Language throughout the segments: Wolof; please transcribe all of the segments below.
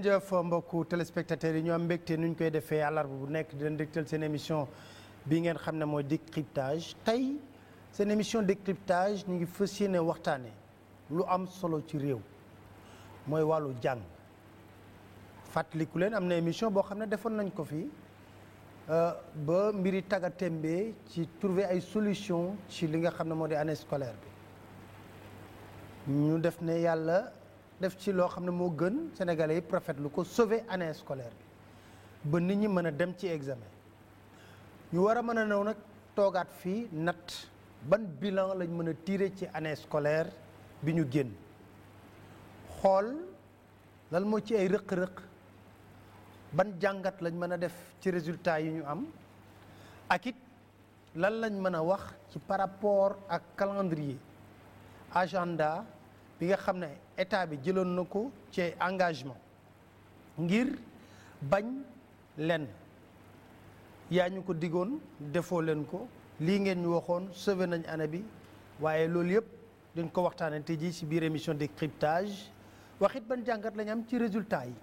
ngeen jëf mbokku téléspectateurs yi ñu am mbégte nu ñu koy defee àllarba bu nekk di leen dégtal seen émission bi ngeen xam ne mooy décryptage tey seen émission décryptage ñu ngi fas yéene waxtaane lu am solo ci réew mooy wàllu jàng fàttaliku leen am na émission boo xam ne defoon nañ ko fi euh, ba mbiri tagga tembe ci trouver ay solution ci li nga xam ne moo de anne scolaire bi ñu def ne yàlla def ci loo xam ne moo gën sénégalais yëpp rafetlu ko sauver année scolaire bi ba nit ñi mën a dem ci examen ñu war a mën a ñëw nag toogaat fii nat ban bilan lañ mën a tiire ci année scolaire bi ñu génn xool lan moo ci ay rëq-rëq ban jàngat lañ mën a def ci résultat yi ñu am ak it lan lañ mën a wax ci par rapport ak calendrier agenda bi nga xam ne état bi jëloon na ko ci engagement ngir bañ lenn yaa ñu ko diggoon defoo leen ko lii ngeen ñu waxoon sauvé nañ ana bi waaye loolu yëpp dañ ko waxtaanee tey jii si biir émission décryptage waxit ban jàngat lañ am ci résultat yi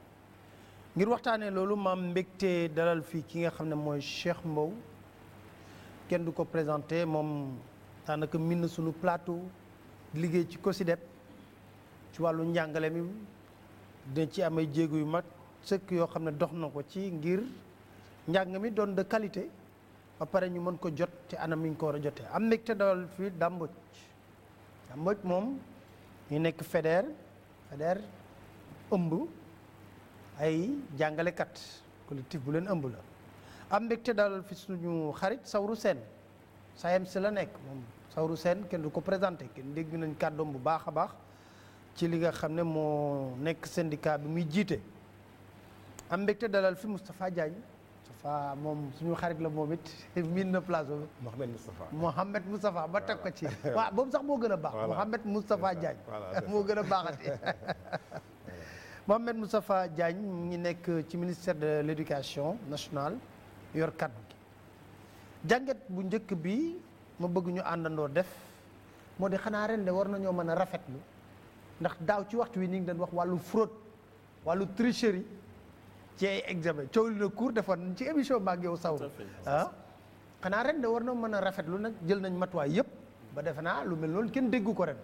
ngir waxtaanee loolu maam mbégte dalal fii ki nga xam ne mooy Cheikh Mbow kenn du ko présenté moom daanaka min na sunu plateau liggéey ci COSYDEP ci wàllu njàngale mi dina ci amay jéego yu mag sëkk yoo xam ne dox na ko ci ngir njàng mi doon de qualité ba pare ñu mën ko jot ci anam mi ñu ko war a jotee am mbégte dawal fii dàmboj dàmboj moom ñu nekk FEDER FEDER ëmb ay jàngalekat collectif bu leen ëmb la am mbégte dawal fi suñu xarit Sawru Seen SAEMS la nekk moom Sawru Seen kenn du ko présenté kenn dégg nañ kàddoom bu baax a baax ci li nga xam ne moo nekk syndicat bi muy jiite am mbégte dalal fi Moustapha Diagne Moustapha moom suñu xarit la moom it miin na place boobu. Mohamed Moustapha ba teg ko ci. waaw boobu sax moo gën a baax. Mohamed Moustapha Diagne. moo gën a baaxati. Mohamed Moustapha Diagne nekk ci ministère de l' national nationale yor kaddu gi jàngat bu njëkk bi ma bëgguñu àndandoo def moo di xanaa ren de war nañoo mën a rafetlu. ndax daaw ci waxtu wi ni ngi doon wax wàllu fraude wàllu tricherie ci ay examen coow li na cour defoon ci émission maa yow saw ah xanaa ren de war na mën a rafetlu nag jël nañu matuwaay yëpp ba defe naa lu mel noonu kenn déggu ko ren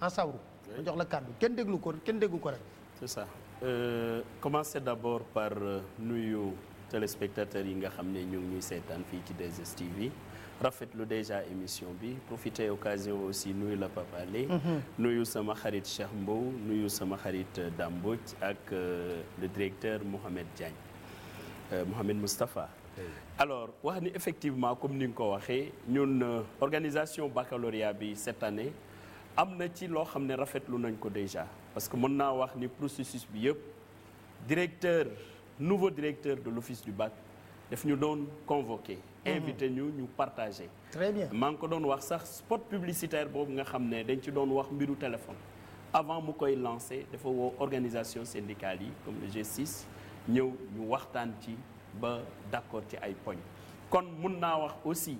en sawru ma jox la kàddu kenn déglu ko kenn déggu ko ren c'est ça euh, commencer d'abord par euh, nuyu téléspectateurs yi nga xam ne ñoo ngi ñuy seetaan fii ci 2 yi rafetlu déjà émission bi profité occasion aussi nuyu la Pape Alé mhm. nuyu sama xarit Cheikh Mbow nuyu sama xarit euh, Damboj ak euh, le directeur Mohamed Diagne euh, Mohamed Moustapha alors wax ni effectivement comme ni nga ko waxee ñun organisation baccalauréat bi cette année am na ci loo xam ne rafetlu nañ ko déjà parce que mën naa wax ni processus bi yëpp directeur nouveau directeur de l'office du bac daf ñu doon convoqué. Mhm. invité ñu ñu partagé. très bien maa ngi ko doon wax sax spot publicitaire boobu nga xam ne dañ ci doon wax mbiru téléphone. avant mu koy lancé dafa woo organisation syndicale yi comme le G6 ñëw ñu waxtaan ci ba d'accord ci ay poñ. kon mun naa wax aussi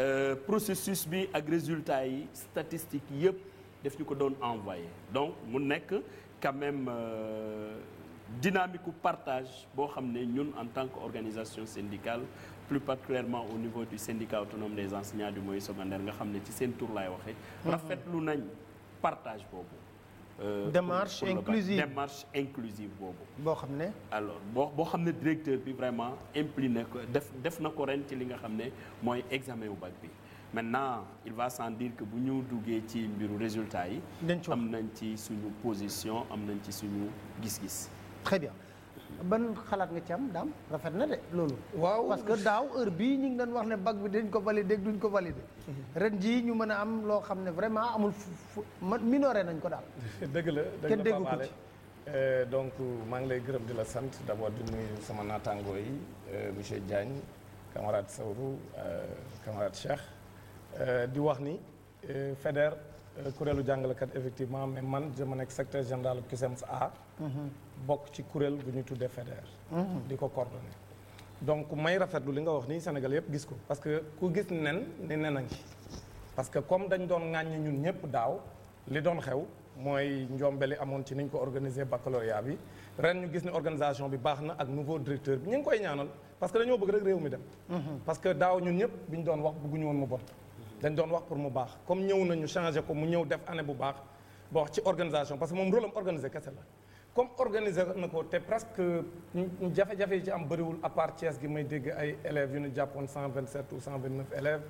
euh, processus bi ak résultat yi statistiques yëpp daf ñu ko doon envoyé donc mu nekk quand même. Euh, dynamique partage boo xam ne ñun en tant que qu'organisation syndicale plus particulièrement au niveau du syndicat autonome des enseignants du moyen secondaire nga xam ne ci seen tur laay waxee mhm. lu nañ partage boobu Euh, démarche pour, pour inclusive démarche boobu. boo xam ne. alors boo boo xam ne directeur bi vraiment impli ne ko def def na ko ren ci li nga xam ne mooy examen wu bac bi maintenant il va sans dire que bu ñu duggee ci mbiru résultat yi. am nañ ci suñu position am nañ ci suñu gis-gis. très bien ban xalaat nga ci am daam rafet na de loolu. waaw parce que daaw heure bii ñu ngi doon wax ne bag bi dañ ko validé duñ ko validé. Mhm. ren jii ñu mën a am loo xam ne vraiment amul fu minoré nañ ko daal. dëgg la dëgg la déggu ko ci. Euh, donc maa ngi lay gërëm di la sant d' abord di nuyu sama naataangoo yi euh, monsieur Diagne camarade Sawru euh, camarade Cheikh di wax ni FEDER kuréelu jàngalekat effectivement mais man je ma nekk secrétaire général CUSEMS A. Mhm. bokk ci kuréel gu ñu tuddee FEDER. Mhm. di ko coordonné. donc may rafetlu li nga wax nii Sénégal yëpp gis ko parce que ku gis nen ni nen a ngi parce que comme dañ doon ŋàññi ñun ñëpp daaw li doon xew mooy njombeli amoon ci niñ ko organiser baccalauréat bi ren ñu gis ne organisation bi baax na ak nouveau directeur bi ñu ngi koy ñaanal parce que dañoo bëgg rek réew mi dem. Mhm. parce que daaw ñun ñëpp bi ñu doon wax bëgguñu woon mu bon. dañ doon wax pour mu baax comme ñëw nañu changé ko mu ñëw def année bu baax ba wax ci organisation parce que moom la. comme organiser na ko te presque jafe-jafe yi ci am bariwul à part gi may dégg ay élèves yu ñu jàppoon cent vingt sept ou cent vingt neuf élèves.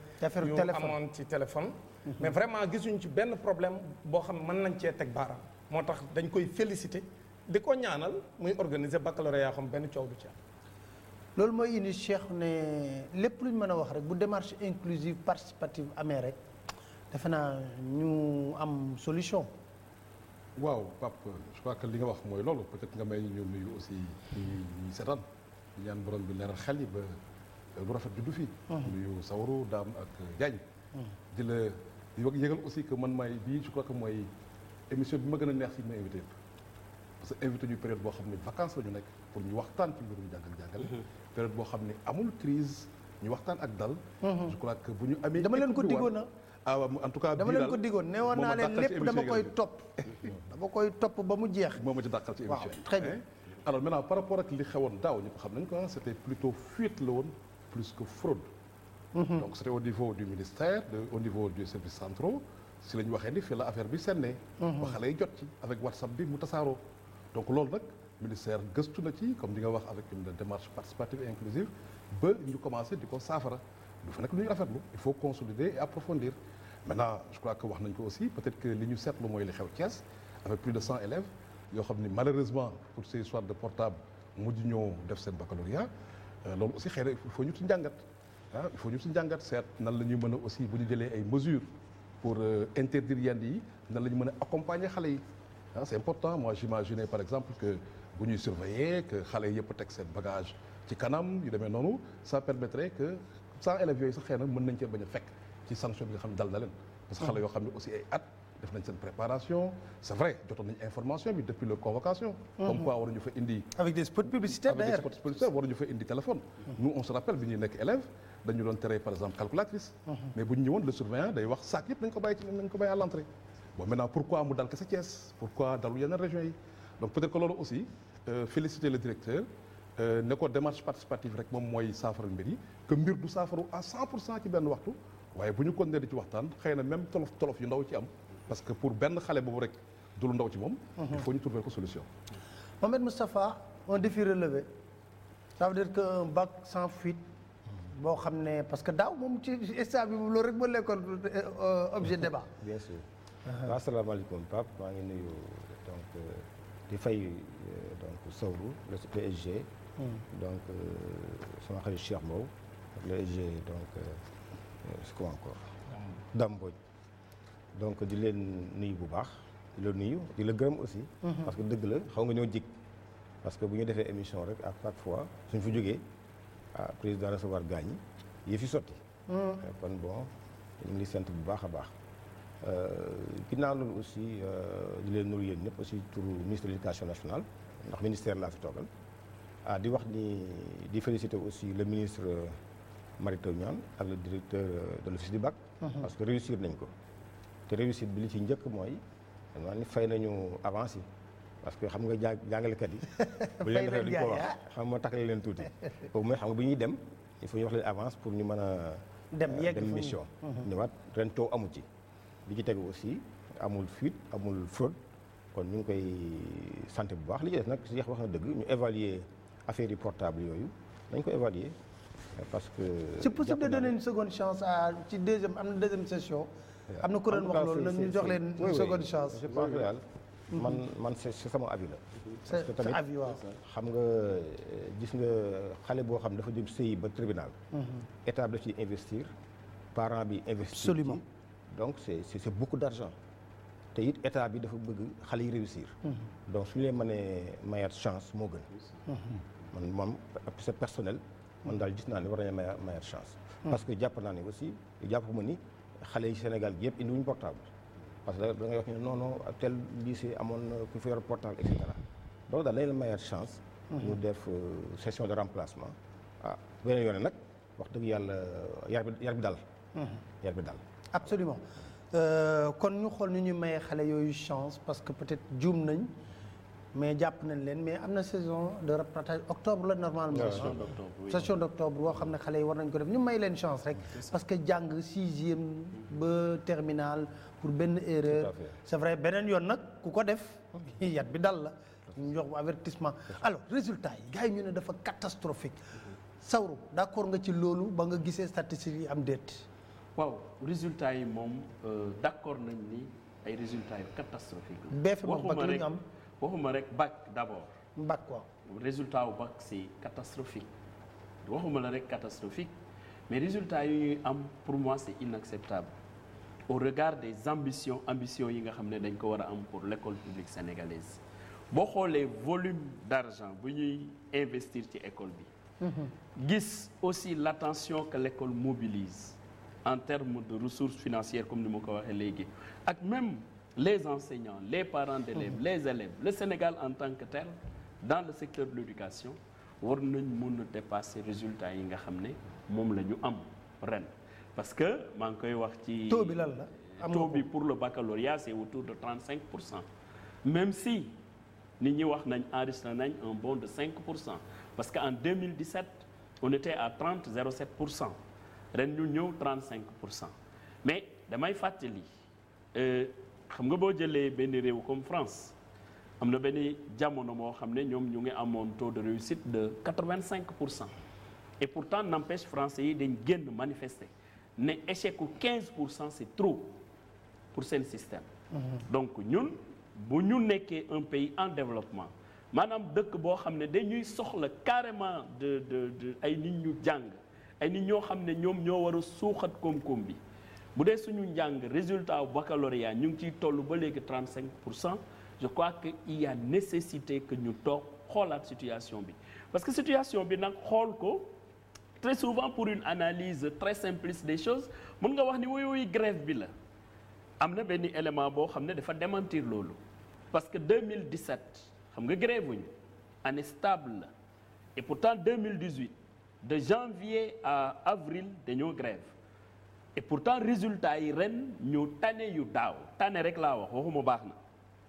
yu amoon ci téléphone. Mhm. mais vraiment gisuñ ci benn problème boo xam ne mën nañ cee teg baaraam. moo tax dañ koy féliciter di ko ñaanal muy organiser baccalauréat xam benn coow du ci loolu mooy indi Cheikh ne lépp lu ñu mën a wax rek bu démarche inclusive participative amee rek defe naa ñu am solution. waaw Pape je crois que li nga wax mooy loolu peut-être nga may ñu nuyu aussi ñuy ñuy seetaan ñaan borom bi leeral xel yi ba lu rafet juddu fii. Mm. nuyu Sawaru daam ak Diagne. Mm. di la yëgal aussi que man maay bii je crois que mooy émission bi ma gën a neex si ma invité parce que invité ñu période boo xam ne vacances la ñu nekk pour ñu waxtaan ci mbirum jàngal jàngale. Mm-hmm. période boo xam ne amul crise ñu waxtaan ak dal. Mhm. je dama leen ko diggoon ah en tout cas dama leen ko diggoon nee woon naa leen lépp dama koy topp. dama koy topp ba moom ma ci dàqal ci émission bi très bien. Eh? li xewoon ah, woon plus que fraude. Mhm. donc c' était au niveau du ministère de au niveau du service centraux si la ñu waxee ni fi la affaire bi sennee. Mhm. ba xale jot ci avec whatsapp bi mu tasaaroo. donc loolu nag ministère gëstu na ci comme di nga wax avec une démarche participative et inclusive. ba ñu commencé di ko saafara du fa nekk lu ñu rafetlu il faut consolider et approfondir maintenant je crois que wax nañ ko aussi peut-être que li ñu seetlu mooy li xew Thiès avec plus de cent élèves yoo xam ni malheureusement pour ces histoires de portable mujj ñoo def seen baccalauréat euh, loolu aussi xëy na il faut ñu ci njàngat ah il faut ñu si njàngat seet nan la ñuy mën a aussi bu ñu jëlee ay mesures pour euh, interdire yenn yi nan la ñu mën a accompagner xale yi ah c'est important moi j'imaginais par exemple que bu ñuy surveiller que xale yëpp teg seen bagage ci kanam yu demee noonu ça permettrait que sans élèves yooyu sax xëy na mën nañ cee bañ a fekk ci sanction bi nga xam ne dal na leen yoo xam ne aussi ay at def nañ bi depuis leur convocation mhm. comme quoi waruñu fa indi avec des spots publicitaires mhm. par exemple calculatrice mhm. mais bu ñëwoon le surveillant day wax sac yëpp nañ ko bàyyi ci nañ ko bàyyi à l' entrée bon maintenant pourquoi mu dal kese Thiès région yi donc peut que loolu aussi euh, féliciter le directeur Euh, ne ko démarche participative rek moom mooy saafara mbir yi que mbir du saafaru à 100 pour cent ci benn waxtu waaye bu ñu kon ne di ci waxtaan xëy na même tolof tolof yu ndaw ci am parce que pour benn xale boobu rek du lu ndaw ci moom mhm. il faut ñu trouver ko solution Mohamed Moustapha un défi relevé ça veut dire que un bac sans fuite mhm. boo xam ne parce que daaw moom ci état bi moom loolu rek ba lekkoon euh, objet débat bien sûr waaw uh-huh. asalaamaaleykum Pape maa ngi nuyu donc euh, di fay donc Sowru Mm. donc euh, sama xarit Cheikh Mbow ak donc c'est euh, euh, quoi mm. donc di leen nuyu bu baax di la nuyu di la gërëm aussi mm-hmm. parce que dëgg la xaw nga ñoo jig parce que bu ñu defee émission rek à chaque fois suñ fi jógee ah président recevoir gaañ yi yëf yi sotti mm. kon bon ñu sant bu baax a baax ginnaaw loolu aussi di leen nuyu yéen ñëpp aussi turu ministre de l'éducation nationale ndax ministère laa fi toogal ah di wax ni di féliciter aussi le ministre euh, Mary Teuw Niane ak le directeur euh, de l'office du BAC. Mhm. parce que réussir nañ ko. te réussite bi li ci njëkk mooy damaa ni fay nañu avancé parce que xam nga jàng jàngalekat yi. bu leen defee duñ ko wax ah. xam nga takkale leen tuuti. boobu mooy xam nga bu ñuy dem il faut ñu wax leen avance pour ñu mën a. dem euh, yegg dem mission. Mhm. ren coow amu ci. li ci tegu aussi amul fuite amul fraude kon ñu ngi koy sant bu baax li ci des nag si wax na dëgg ñu évaluer. affaire yi portable yooyu dañ ko évaluer parce que. c'est possible de donner une seconde chance à ci deuxième am na deuxième session. am na ku wax loolu ñu jox leen une seconde chance. je mm-hmm. man man c'est sama avis la. parce que tamit xam nga euh, gis nga xale boo xam dafa jëm sëyi ba tribunal. Mm-hmm. état investir parent bi investir. absolument donc c'est c'est beaucoup d'argent. te it état bi dafa bëgg xale yi réussir. Mm-hmm. donc su ñu leen mënee mayaat chance moo gën. man moom c'est personnel man daal gis naa ne war nañu may meilleure chance. Hmm. parce que jàpp naa ne aussi jàpp ma ni xale yi Sénégal gi yëpp indiwuñu portable. parce que da ngay wax ne non non tel lycée amoon na ku fi yor portable et cetera donc daal dañu la meilleure chance. Hmm. ñu def euh, session de remplacement. ah beneen yoon nag wax dëgg yàlla yar bi yar bi dal. Hmm. yar bi dal. absolument euh, kon ñu xool ni ñu may xale yooyu chance parce que peut-être juum nañ. mais jàpp nañ leen mais am na saison de rattrapage octobre la normalement. waaw session d' octobre boo xam ne xale yi war nañ ko def ñu may leen chance rek. parce que jàng sixième ba terminal pour benn erreur. c' est vrai beneen yoon nag ku ko def yat bi dal la. ñu jox bu avertissement alors résultat yi gars yi ñu ne dafa catastrophique sawru d' accord nga ci loolu ba nga gisee statistiques yi am déet. waaw résultat yi moom euh, d' nañ ni ay résultats yu catastrophique. waxuma am waxuma rek bac d'abord. bac quoi. résultat wu bac c'est catastrophique waxuma la rek catastrophique mais résultat yi ñuy am pour moi c'est inacceptable au regard des ambitions ambitions yi nga xam ne dañ ko war a am pour l'école publique sénégalaise boo xoolee volume d'argent bu ñuy investir ci école bi. Mhm. gis aussi l'attention que l'école mobilise en termes de ressources financières comme ni ma ko waxee léegi ak même. les enseignants les parents d'élèves mmh. les élèves le Sénégal en tant que tel dans le secteur de l'éducation war nañ mën a dépasser résultat yi nga xam ne moom la ñu am ren parce que maa ngi koy wax ci taux bi lan la taux bi pour le baccalauréat c'est autour de 35 pour cent même si nit ñi wax nañ enregistré nañ un bond de 5 pour cent parce que en 2017 on était à 30 0,7 pour cent ren ñu ñëw 35 pour cent mais damay fàttali euh, xam nga boo jëlee benn réew comme France am na benn jamono moo xam ne ñoom ñu ngi amoon taux de réussite de 85 pour cent et pourtant n'empêche français yi dañ génn manifester ne échec ku pour cent c'est trop pour seen système. Mhm. donc ñun bu ñu nekkee un pays en développement maanaam dëkk boo xam ne dañuy soxla carrément de de de ay nit ñu jàng ay nit ñoo xam ne ñoom ñoo war a suuxat koom-koom bi. bu dee suñu njàng résultat baccalauréat ñu ngi ciy toll ba léegi 35 pour cent je crois que il y a nécessité que ñu toog xoolaat situation bi parce que situation bi nag xool ko très souvent pour une analyse très simpliste des choses mun nga wax ni woyooyu grève bi la am na benn élément boo xam ne dafa démentir loolu parce que 2017 xam nga grève wuñu année stable la et pourtant 2018 de janvier à avril dañoo grève et pourtant résultat yi ren ñu tane yu daaw tane rek laa wax waxuma baax na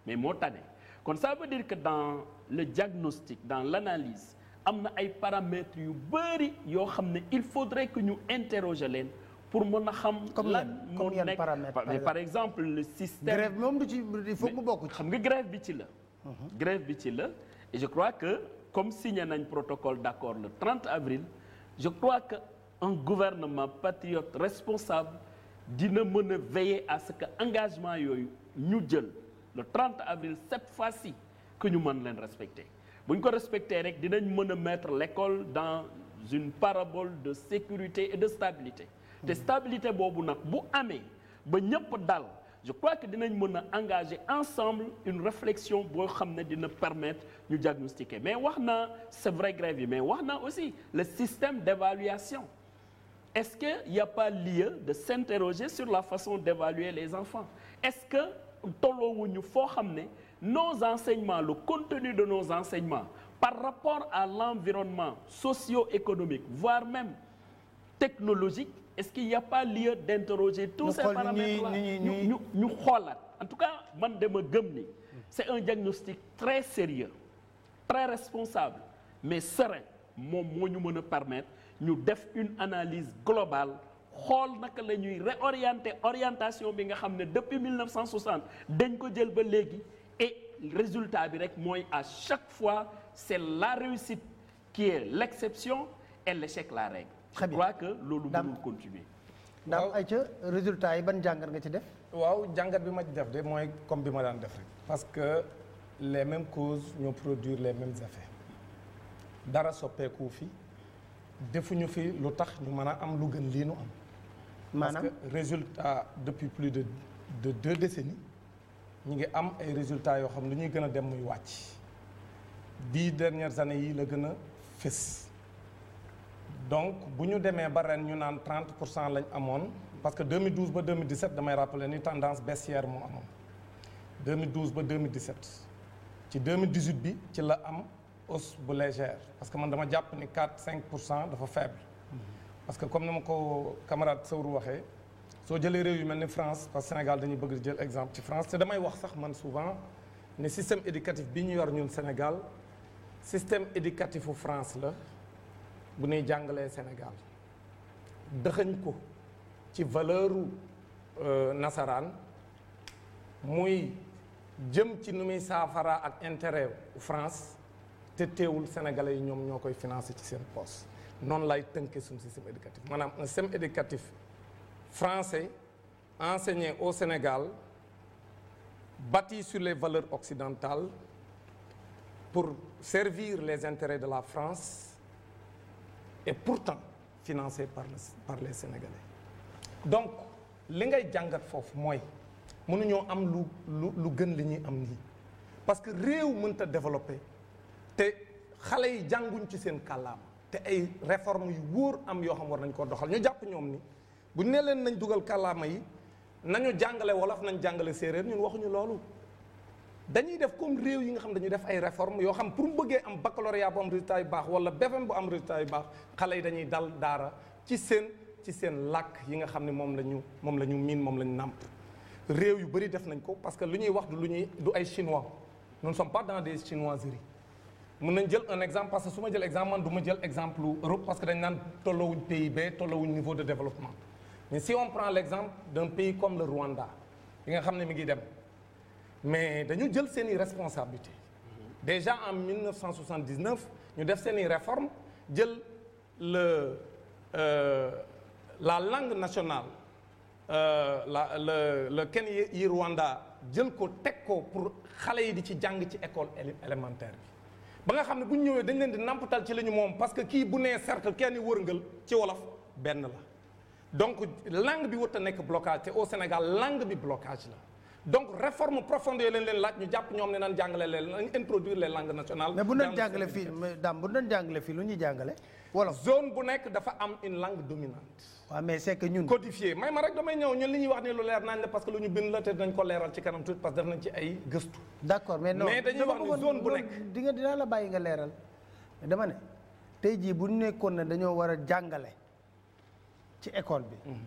mais moo tane kon saa veut dire que dans le diagnostic dans l'analyse am na ay paramètres yu bëri yoo xam ne il faudrait que ñu interroger leen pour mun a xam. la moo nekk mais par exemple le système. grève moom du ci il faut mu bokk ci. xam nga grève bi ci la. Mhm. grève bi ci la je crois que comme signé nañ protocole d'accord le 30 avril je crois que. un gouvernement patriote responsable dina mën a veiller à ce que engagement yooyu ñu jël le 30 avril cette fois-ci que ñu mën leen respecter bu ñu ko respecter rek dinañ mën a mettre l'école dans une parabole de sécurité et de stabilité te stabilité boobu nag bu amee ba ñëpp dal je crois que dinañ mën a engager ensemble une réflexion boo xam ne dina permettre ñu diagnostiquer mais wax naa c'est vrai grève yi mais wax na aussi le système d'évaluation Est-ce qu'il n'y a pas lieu de s'interroger sur la façon d'évaluer les enfants Est-ce que tolloowuñu foo xam ne nos enseignements le contenu de nos enseignements par rapport à l'environnement socio-économique voire même technologique est-ce qu'il n'y a pas lieu d'interroger tous ces paramètres-là ñu ñu ñu xoolaat en tout cas man dama gëm ni c'est un diagnostic très sérieux très responsable mais serein moom moo ñu mën a permettre ñu def une analyse globale xool naka la ñuy réorienter orientation bi nga xam ne depuis 1960 dañ ko jël ba léegi e résultat bi rek mooy à chaque fois c'est la réussite qui est l'exception et l'échec la règle. je crois que loolu mënul continuer. waaw ay ca résultat yi ban jàngat nga ci def. waaw jàngat bi ma def de mooy comme bi ma daan def rek. parce que les mêmes causes ñoo produire les mêmes effets dara soppeeku fii defuñu fi lu tax ñu mën a am lu gën lii nu am. maanaam parce que résultat depuis plus de de deux décennies ñu ngi am ay résultats yoo xam lu ñuy gën a dem muy wàcc di dernières années yi la gën a fës. donc bu ñu demee ba ren ñu naan 30 pour cent lañ amoon parce que 2012 ba 2017 damay rappeler ni tendance baissière moo amoon 2012 ba 2017 ci 2018 bi ci la am. hausse bu légère parce que man dama jàpp ni 4 5 pour cent dafa faible. parce que comme ni ma ko camarade Sowru waxee soo jëlee réew yu mel ni France parce Sénégal dañuy bëgg jël exemple ci France te damay wax sax man souvent ne système éducatif bi ñu yor ñun Sénégal système éducatifu France la bu ñuy jàngalee Sénégal dëxëñ ko ci valeuru euh, nasaraan muy jëm ci nu muy saafara ak intérêt France. te teewul sénégalais yi ñoom ñoo koy financé ci seen poste noonu lay tënkee suñu système éducatif maanaam un système éducatif français enseigné au Sénégal bâti sur les valeurs occidentales pour servir les intérêts de la France et pourtant financé par le par les Sénégalais donc li ngay jàngat foofu mooy mënuñoo am lu lu lu gën li ñuy am nii parce que réew mënta développer te xale yi jànguñ ci seen kàllaama te ay réforme yu wóor am yoo xam war nañ koo doxal ñu jàpp ñoom ni buñ ne leen nañ dugal kàllaama yi nañu jàngale wolof nañ jàngale séeréer ñun waxuñu loolu dañuy def comme réew yi nga xam dañuy def ay réforme yoo xam pour mu bëggee am baccalauréat bu am résultat baax wala BFEM bu am résultat yu baax xale yi dañuy dal daara ci seen ci seen làkk yi nga xam ne moom la ñu moom la ñu miin moom la ñu nàmp réew yu bëri def nañ ko parce que lu ñuy wax du lu ñuy du ay chinois nous ne sommes pas dans des chinoiseries mën nañ jël un exemple parce que su ma jël exemple man du ma jël exemple Europe parce que dañ naan tolloowuñ PIB tolloowuñ niveau de développement mais si on prend l' exemple d'un pays comme le Rwanda bi nga xam ne mu ngi dem mais dañu jël seen i responsabilité déjà en 1979 ñu def seeni i jël le euh, la langue nationale euh, la le Ken yi Rwanda jël ko teg ko pour xale yi di ci jàng ci école élémentaire bi ba nga xam ne bu ñu ñëwee dañ leen di namputal ci li ñu moom parce que kii bu nee cercle kenn wërngal ci wolof benn la donc lang bi wut a nekk blocage te au Sénégal lang bi blocage la donc réforme profonde leen leen laaj ñu jàpp ñoom ne naan jàngale leen nañ introduire les langues nationales. mais bu ñu doon fii daam bu ñu doon fii lu ñuy jàngale. wolof zone bu nekk dafa am une langue dominante. waaw mais c'est que ñun. codifié may ma rek ñëw ñun li ñuy wax ni lu leer nañ la parce que lu ñu bind la te dinañ ko leeral ci kanam tuuti parce que def nañ ci ay gëstu. d'accord mais non mais dañuy wax ni zone bu nekk di nga dinaa la bàyyi nga leeral dama ne tey jii bu ñu nekkoon na dañoo war a jàngale ci école bi. Mhm.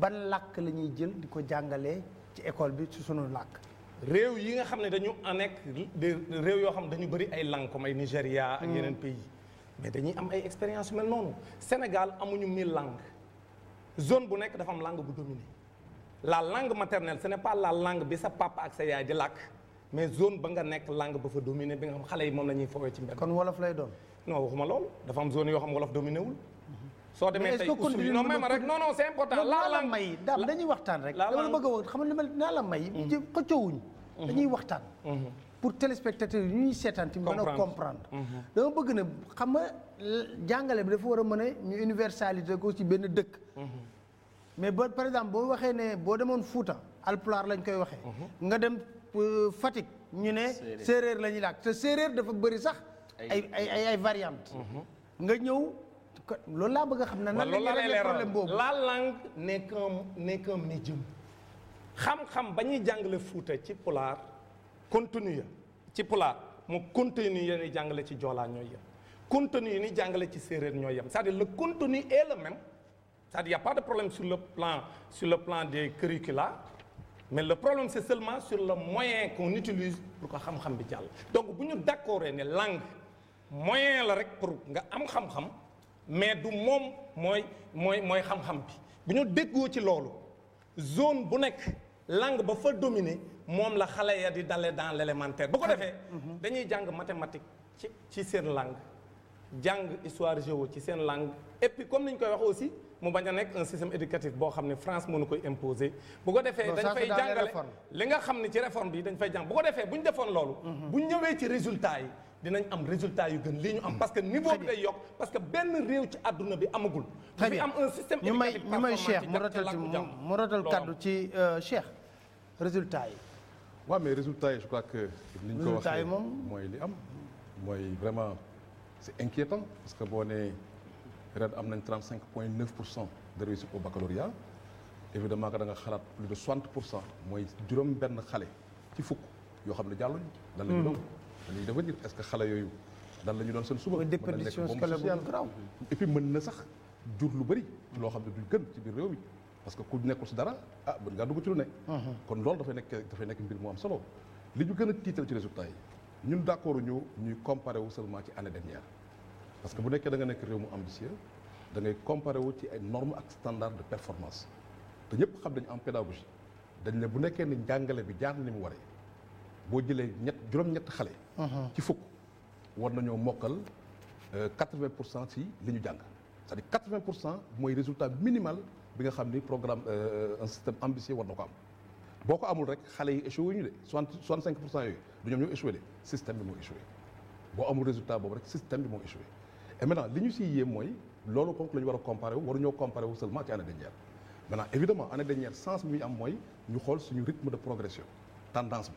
ban làkk la ñuy jël di ko jàngalee ci bi ci sunu làkk. réew yi nga xam ne dañu nekk des réew yoo xam ne dañu bëri ay langues comme ay Nigéria. ak hmm. yeneen pays mais dañuy am ay expérience mel noonu Sénégal amuñu mille langues zone bu nekk dafa am langue bu dominée la langue maternelle ce n'est pas la langue bi sa papa ak sa yaay di làkk mais zone ba nga nekk langue ba fa dominée bi nga xam xale yi moom la ñuy foowee ci mbedd. kon wolof lay doon. non waxuma loolu dafa am zone yoo xam wolof dominé soo demee tey usuli non même rek non non c'est important. laa la may daal dañuy waxtaan rek. dama bëgg a wax xam nga li ma la may. Mm. xëccoowuñ mm-hmm. dañuy waxtaan. Mm-hmm. pour téléspectateurs yi ñuy seetaan tamit mën a comprendre. Mm-hmm. dama bëgg na xam nga jàngale bi dafa war a mën a ñu universalité ko ci benn dëkk. mais ba par exemple boo waxee ne boo demoon Fouta alpulaar lañ koy waxee. nga dem euh, Fatick ñu ne. séeréer lañuy ñuy laaj te séeréer dafa bëri sax. ay ay ay variantes. nga ñëw. loolu laa bëgg a xam ne nan la ñuy régler problème boobu la langue n'est qu'un n'est qu'un xam-xam ba ñuy jàngale Fuuta ci pulaar contenu ya ci pulaar mu contenu ya ñuy jàngale ci joolaa ñoo yem contenu yi ñuy jàngale ci séeréer ñoo yem cest à le contenu est le même a pas de problème sur le plan sur le plan des curricula mais le problème c'est seulement sur le moyen qu'on utilise pour ko xam-xam bi jàll donc bu ñu d'accordee ne langue moyen la rek pour nga am xam-xam mais du moom mooy mooy mooy xam-xam bi bu ñu déggoo ci loolu zone bu nekk langue ba fa dominé moom la xale ya di dale dans l'élémentaire bu ko defee dañuy jàng mathématique ci ci seen langue jàng histoire géo ci seen langue et puis comme ni ñu koy wax aussi mu bañ a nekk un système éducatif boo xam ne France mënu koy imposer bu ko defee dañ fay jàngale li nga xam ne ci bi dañ fay jàng bu ko defee bu ñu defoon loolu mhm. bu ñu ñëwee ci résultat yi dinañ am résultat yu gën lii ñu am parce que niveau bi day yokk parce que benn réew ci àdduna bi amagul. très bien am un système ñu may ñu may Cheikh mu rotal ci mu rotal kaddu ci euh, Cheikh résultat yi. waaw résultat yi je crois que. ni ñu ko waxee mooy li am. mooy vraiment c'est inquiétant parce que boo nee ren am nañ cinq point 9 pour cent de réussite au baccalauréat évidemment que da xalaat plus de pour cent mooy juróom benn xale ci fukk yoo xam ne jàlluñ. Hmm. lan la ñu dañuy dafa dire est xale yooyu dan la ñu doon seen suba déperdition scolaire bu grave et puis mën na sax jur lu bëri loo xam ne duñ gën ci biir réew mi parce que ku nekkul si dara ah mën ngaa dugg ci lu ne uh-huh. kon loolu dafay nekk mbir mu am solo li ñu gën a tiital ci résultat yi ñun d'accord ñu ñuy comparé wu seulement ci année dernière parce que bu nekkee da nga nekk réew mu ambitieux da ngay comparé wu ci ay normes ak standard de performance te ñëpp xam nañu en pédagogie dañ ne bu nekkee ni njàngale bi jaar ni mu waree boo jëlee ñett juróom-ñett xale. Uh-huh. ci fukk war nañoo mokkal euh, quatre-vingt pour cent si li ñu jàng c'est-à-dire quatre-vingt pour cent mooy résultat minimal bi nga xam ni programme euh, un système ambitieux war na ko am. boo ko amul rek xale yi échoué ñu de soixante cinq pour cent yooyu du ñoom ñoo échoué de système bi moo échoué boo amul résultat boobu rek système bi moo échoué et maintenant li ñu siy yéem mooy loolu kooku la ñu war a comparé wu waruñoo comparé wu seulement ci année dernière maintenant évidemment année dernière sens am mooy ñu xool suñu rythme de progression tendance bi.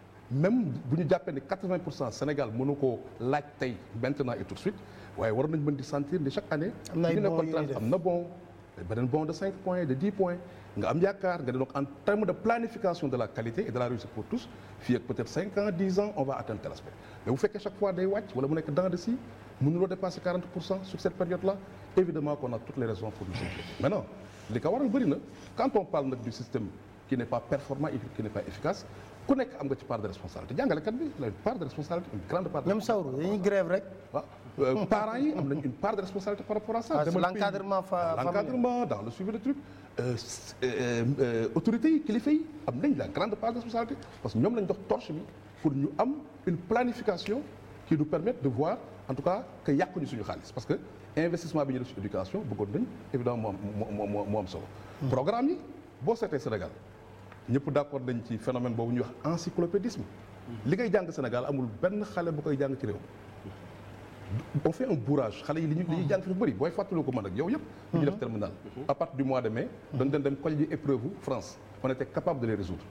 même bu ñu jàppee ne Sénégal mënu koo laaj tey maintenant et tout de suite waaye war nañ mën di sentir ne chaque année. am na bon am na bon. beneen bon de 5 points de 10 points nga am yaakaar nga ne donc en termes de planification de la qualité et de la réussite pour tous fii ak peut-être ans on va atteindre tel aspect mais bu fekkee chaque fois day wàcc wala mu nekk dent de scie mënuloo dépasser pour cent sur période-là évidemment qu'on toutes ku nekk am nga ci part de responsabilité jàngalekat bi la une part de responsabilité une grève rek. waaw euh, yi am nañ une part de responsabilité par rapport à ça. Ah, demal l'encadrement l'encadrement dans le suivi de truc. Euh, euh, autorités yi kilifa yi am nañ la grande part de responsabilité parce que ñoom lañ dox torche bi pour ñu am une planification qui nous permette de voir en tout cas que ñu suñu xaalis parce que investissement bi ñu def ci éducation bëggoon nañ évidemment moo am moo moo am solo. Hmm. boo seetee Sénégal. ñëpp d'accord dañ ci phénomène boobu ñu wax encyclopédisme li ngay jàng Sénégal amul benn xale bu koy jàng ci réew on fait un bourrage xale yi li booy fàttaliku ko man ak yow yëpp li ñu def terminal à du mois de mai dañ doon dem collège épreuve France on capable de résoudre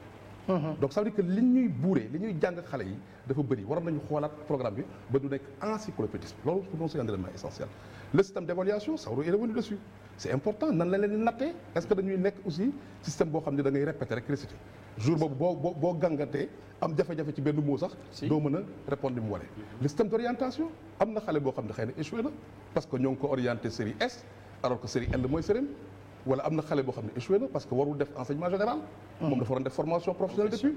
mm-hmm. donc ça que li ñuy buuree li ñuy jàng xale yi dafa bëri waroon nañu xoolaat programme bi ba du nekk encyclopédisme loolu pour nous c'est un élément essentiel le système d'évaluation ça aurait revenu dessus c'est important nan la leen di nattee est-ce que dañuy nekk aussi système boo xam ne da ngay répéter rek réciter jour boobu boo boo boo gàngatee am jafe-jafe ci benn mot sax. doo mën a répondre ni mu waree. Mm-hmm. le système d'orientation am na xale boo xam ne xay ne échoué na parce que ñoo ngi ko orienté série S alors que série L mooy série wala am na xale boo xam ne échoué na parce que warul def enseignement général. Mm-hmm. moom dafa waroon def formation professionnelle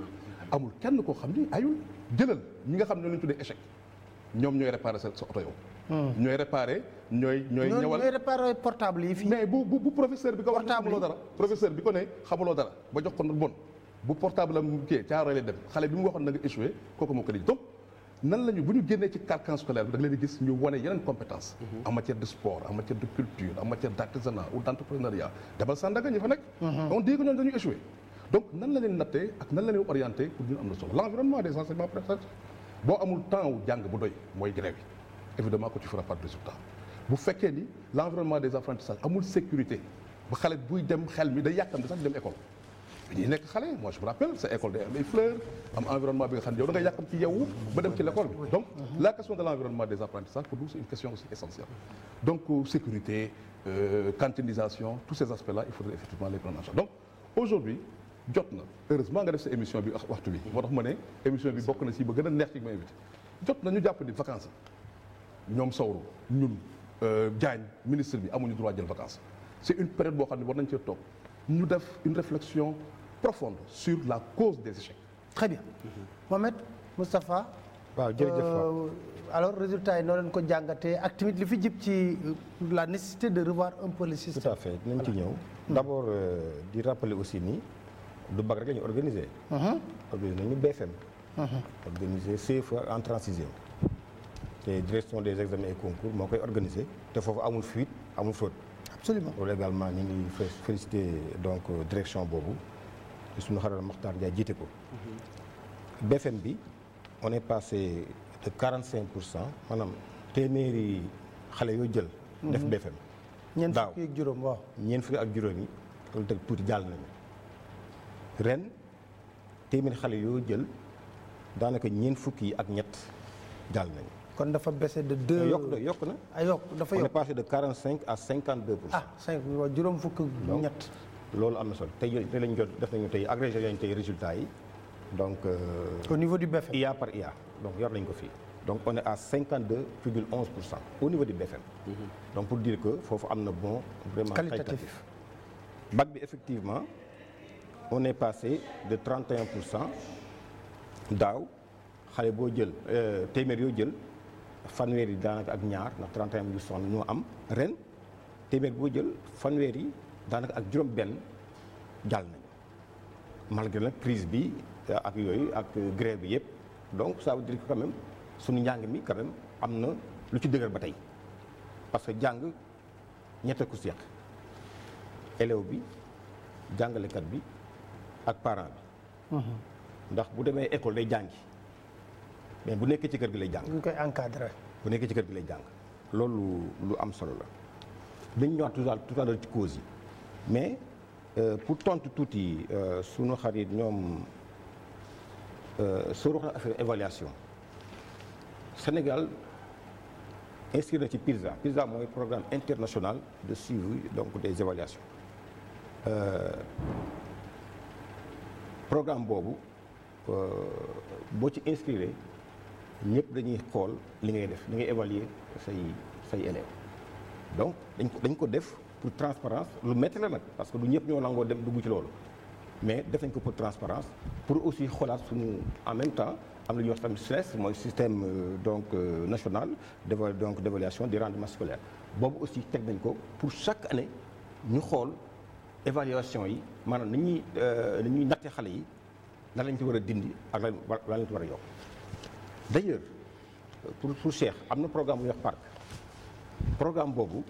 koo xam ni ayul jëlal ñi nga xam ne ñoo leen tuddee échec ñoom ñooy réparer oto yow. ñooy réparé ñooy ñooy ñëwal ñooy réparé portable yi fii mais bu bu professeur bi ko wax xamuloo dara professeur bi ko ne xamuloo dara ba jox ko bon bu portable am kii caaroy lay dem xale bi mu waxoon na nga échoué kooku moo ko di donc nan la ñu bu ñu génnee ci carcan scolaire bi da nga leen di gis ñu wane yeneen compétence en matière de sport en matière de culture en matière d' artisanat ou d' entrepreneuriat demal Sandaga ñu fa nekk on dit que ñoom dañu donc nan la leen ak nan la leen orienté pour ñu am na solo l' environnement des enseignements présents boo amul mooy grève évidemment que tu feras pas de résultat bu fekkee ni l' environnement des apprentissages amul sécurité ba xale buy dem xel mi day yàkkamte sax di dem école bi nekk xale moi je me rappelle sa école nga xam ne yow da ngay yàkkam ci yeewu ba ci l' école de l' environnement des apprentissages pour nous c' est une question aussi essentielle donc euh, sécurité euh, cantinisation tous ces aspects là il faudrait effectivement les prendre en donc aujourd'hui jot na heureusement nga def sa émission bi waxtu bi moo tax ma ne émission bi bokk na si ba gën a neex jot na ñu jàpp ni vacances ñoom sawru ñun euh, Diagne ministre bi amuñu droit jël vacances c'est une période boo xam ne war nañ cee toog ñu def une réflexion profonde sur la cause des échecs. très bien. Mm-hmm. Mohamed Moustapha. waaw jërëjëf euh, alors résultat yi noo leen ko jàngatee ak tamit li fi jib ci euh, la nécessité de revoir un peu le système. fait dinañ ci ñëw. Mm-hmm. d' abord di rappeler aussi nii du bac rek la ñu organisé. Mm-hmm. organisé nañu BFM. organisé en 36 te direction des examens et concours moo koy organisé te foofu amul fuite amul fraude. absolument loolu également ñu fa félicité donc euh, direction boobu suñu xaral Makhtar Ndiaye jiite ko. BFM mm-hmm. bi on est passé de 45 cent maanaam téeméeri xale yoo jël. def BFM. Mm-hmm. ñeent fukki ak juróom ak juróom yi loolu tuuti jàll nañu ren téeméeri xale yoo jël daanaka ñeent fukki yi ak ñett jàll nañu. kon dafa baissé de deux yokk na yokk na. ah yokk dafa yokk on est de quarante cinq à cinquante deux pour cent. ah cinq juróom fukk ñett. loolu am na solo tey tey lañ jot def nañu tey agrégé nañu tey résultats yi donc. Euh, au niveau du BFM IA par IA donc yor nañu ko fii. donc on est à cinquante deux virgule onze pour cent au niveau du BFM. Mhm. donc pour dire que foofu am na bon. vraiment qualitatif bac bi effectivement on est passé de trente et pour cent daaw xale boo jël euh, téeméer yoo jël. fanweer yi daanaka ak ñaar ndax 31 mille soxna ñoo am ren téeméer boo jël fanweer yi daanaka ak juróom-benn jàll na malgré nag crise bi euh, ak yooyu ak euh, grève bi yëpp donc ça veut dire que suñu njàng mi quand am na lu ci dëgër ba tey parce que jàng ñette ku seq élève bi jàngalekat bi ak parent bi. Mm-hmm. ndax bu demee école day jàngi. mais bu nekkee ci kër gi lay jàng. bu koy encadré. bu nekkee ci kër gi lay jàng loolu lu am solo la dañ ñëwaat tout à tout à l'heure ci cause yi mais euh, pour tontu tuuti euh, sunu xarit ñoom euh, soo wax affaire évaluation Sénégal inscrit na ci PISA PISA mooy programme international de suivi donc des évaluations euh, programme boobu boo ci inscrire. ñëpp dañuy xool li ngay def li ngay évaluer say say élèves donc dañ ko dañ ko def pour transparence lu mette la nag parce que du ñëpp ñoo nangoo dem dugg ci loolu mais def nañ ko pour transparence pour aussi xoolaat suñu en même temps am na ñuy wax tamit SNES mooy système euh, donc euh, national de donc d'évaluation des rendements scolaires boobu aussi teg nañ ko pour chaque année ñu xool évaluation yi maanaam ni ñuy euh, ni ñuy nattee xale yi nan lañ ci war a dindi ak lan lan lañ war a yokk d' ailleurs pour pour Cheikh am na programme bu ñuy wax parc programme boobu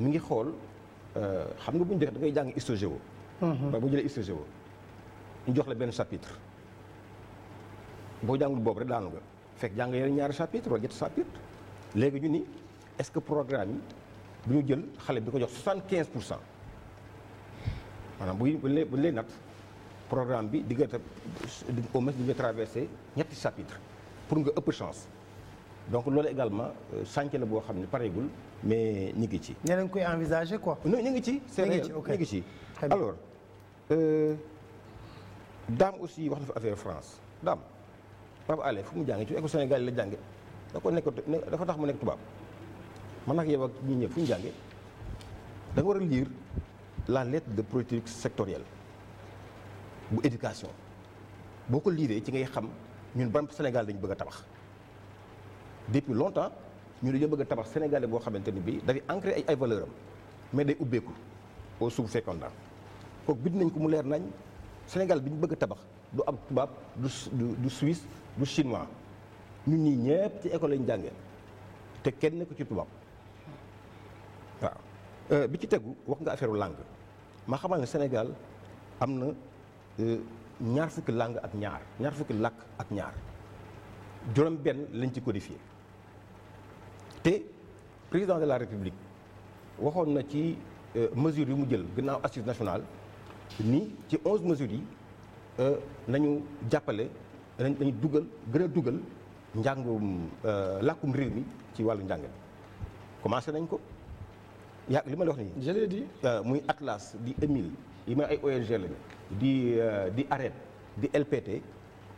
mu ngi xool euh, xam nga buñ ñu joxe da ngay jàng histogéo. waaye mhm. bu jëlee jëlee histogéo ñu jox la benn chapitre boo jàngul boobu rek daanu nga fekk jàng yeneen ñaari chapitre wala ñetti chapitre léegi ñu ni est-ce que programme yi bu ñu jël xale bi ko jox 75 pour cent maanaam bu ñu bu programme bi diggante au moins di nga traversé ñetti chapitre pour nga ëpp chance donc loolu également euh, chantier la boo xam ne pareegul mais ñi ngi ci. ñeneen koy envisager quoi. non ñu ngi ci c'est ngi ci alors euh, Dame aussi wax na fa affaire France Dame Pape Alé fu mu jàngee ci école Sénégal yi la jànge da ko nekk dafa tax mu nekk tubaab man nag yow ak ñi ñëpp fu ñu jàngee da war a lire la lette de politique sectorielle bu éducation boo ko liiree ci ngay xam. ñun ban Sénégal dañu bëgg a tabax depuis longtemps ñun dañoo bëgg a tabax sénégalais boo xamante ni bii dafay ancré ay ay am mais day ubbeeku au sous-fécondant kooku bind nañ ko mu leer nañ Sénégal bi ñu bëgg a tabax du ab tubaab du du suisse du chinois ñu ñii ñëpp ci école yañ jàngee te kenn nekku ci tubaab waaw euh, bi ci tegu wax nga affaire langue ma xamal ne Sénégal am na. Euh, ñaar fukki langue ak ñaar ñaar fukki làkk ak ñaar juróom benn lañ ci codifié te président de la république waxoon na ci euh, mesures yu mu jël gannaaw assises nationale ni ci onze mesures yi euh, nañu jàppale nañu dugal gën a dugal njàngum euh, làkkum réew mi ci wàllu njàng commencé nañ ko yaa li ma la wax nii. muy Atlas di Émile yi ma ay ONG lañu di euh, di arrêt di LPT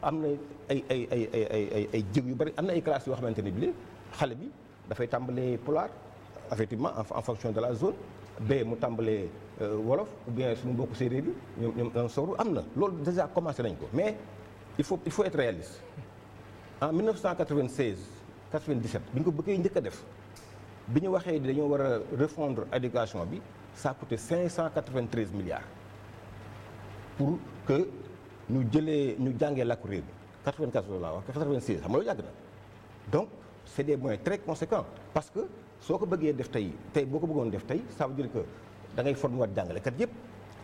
am na ay ay ay ay ay ay jëw yu bari am na ay classes yoo xamante ne bi xale bi dafay tàmbalee pulaar effectivement en fonction de la zone ba mu tàmbalee euh, wolof ou bien suñu mbokku séeréer bi ñoom ñoom ñoom am na loolu déjà commencé nañ ko mais il faut il faut être réaliste en 1996 97 bi ñu ko bëggee njëkk a def bi ñu waxee dañoo war a refondre éducation bi ça coûté 593 milliards. pour que ñu jëlee ñu jàngee làkku réew mi 94 laa wax 96 xam nga loolu yàgg na donc c' est des moyens très conséquents parce que soo ko bëggee def tey tey boo ko bëggoon def tey ça veut dire que da ngay former waat jàngalekat yëpp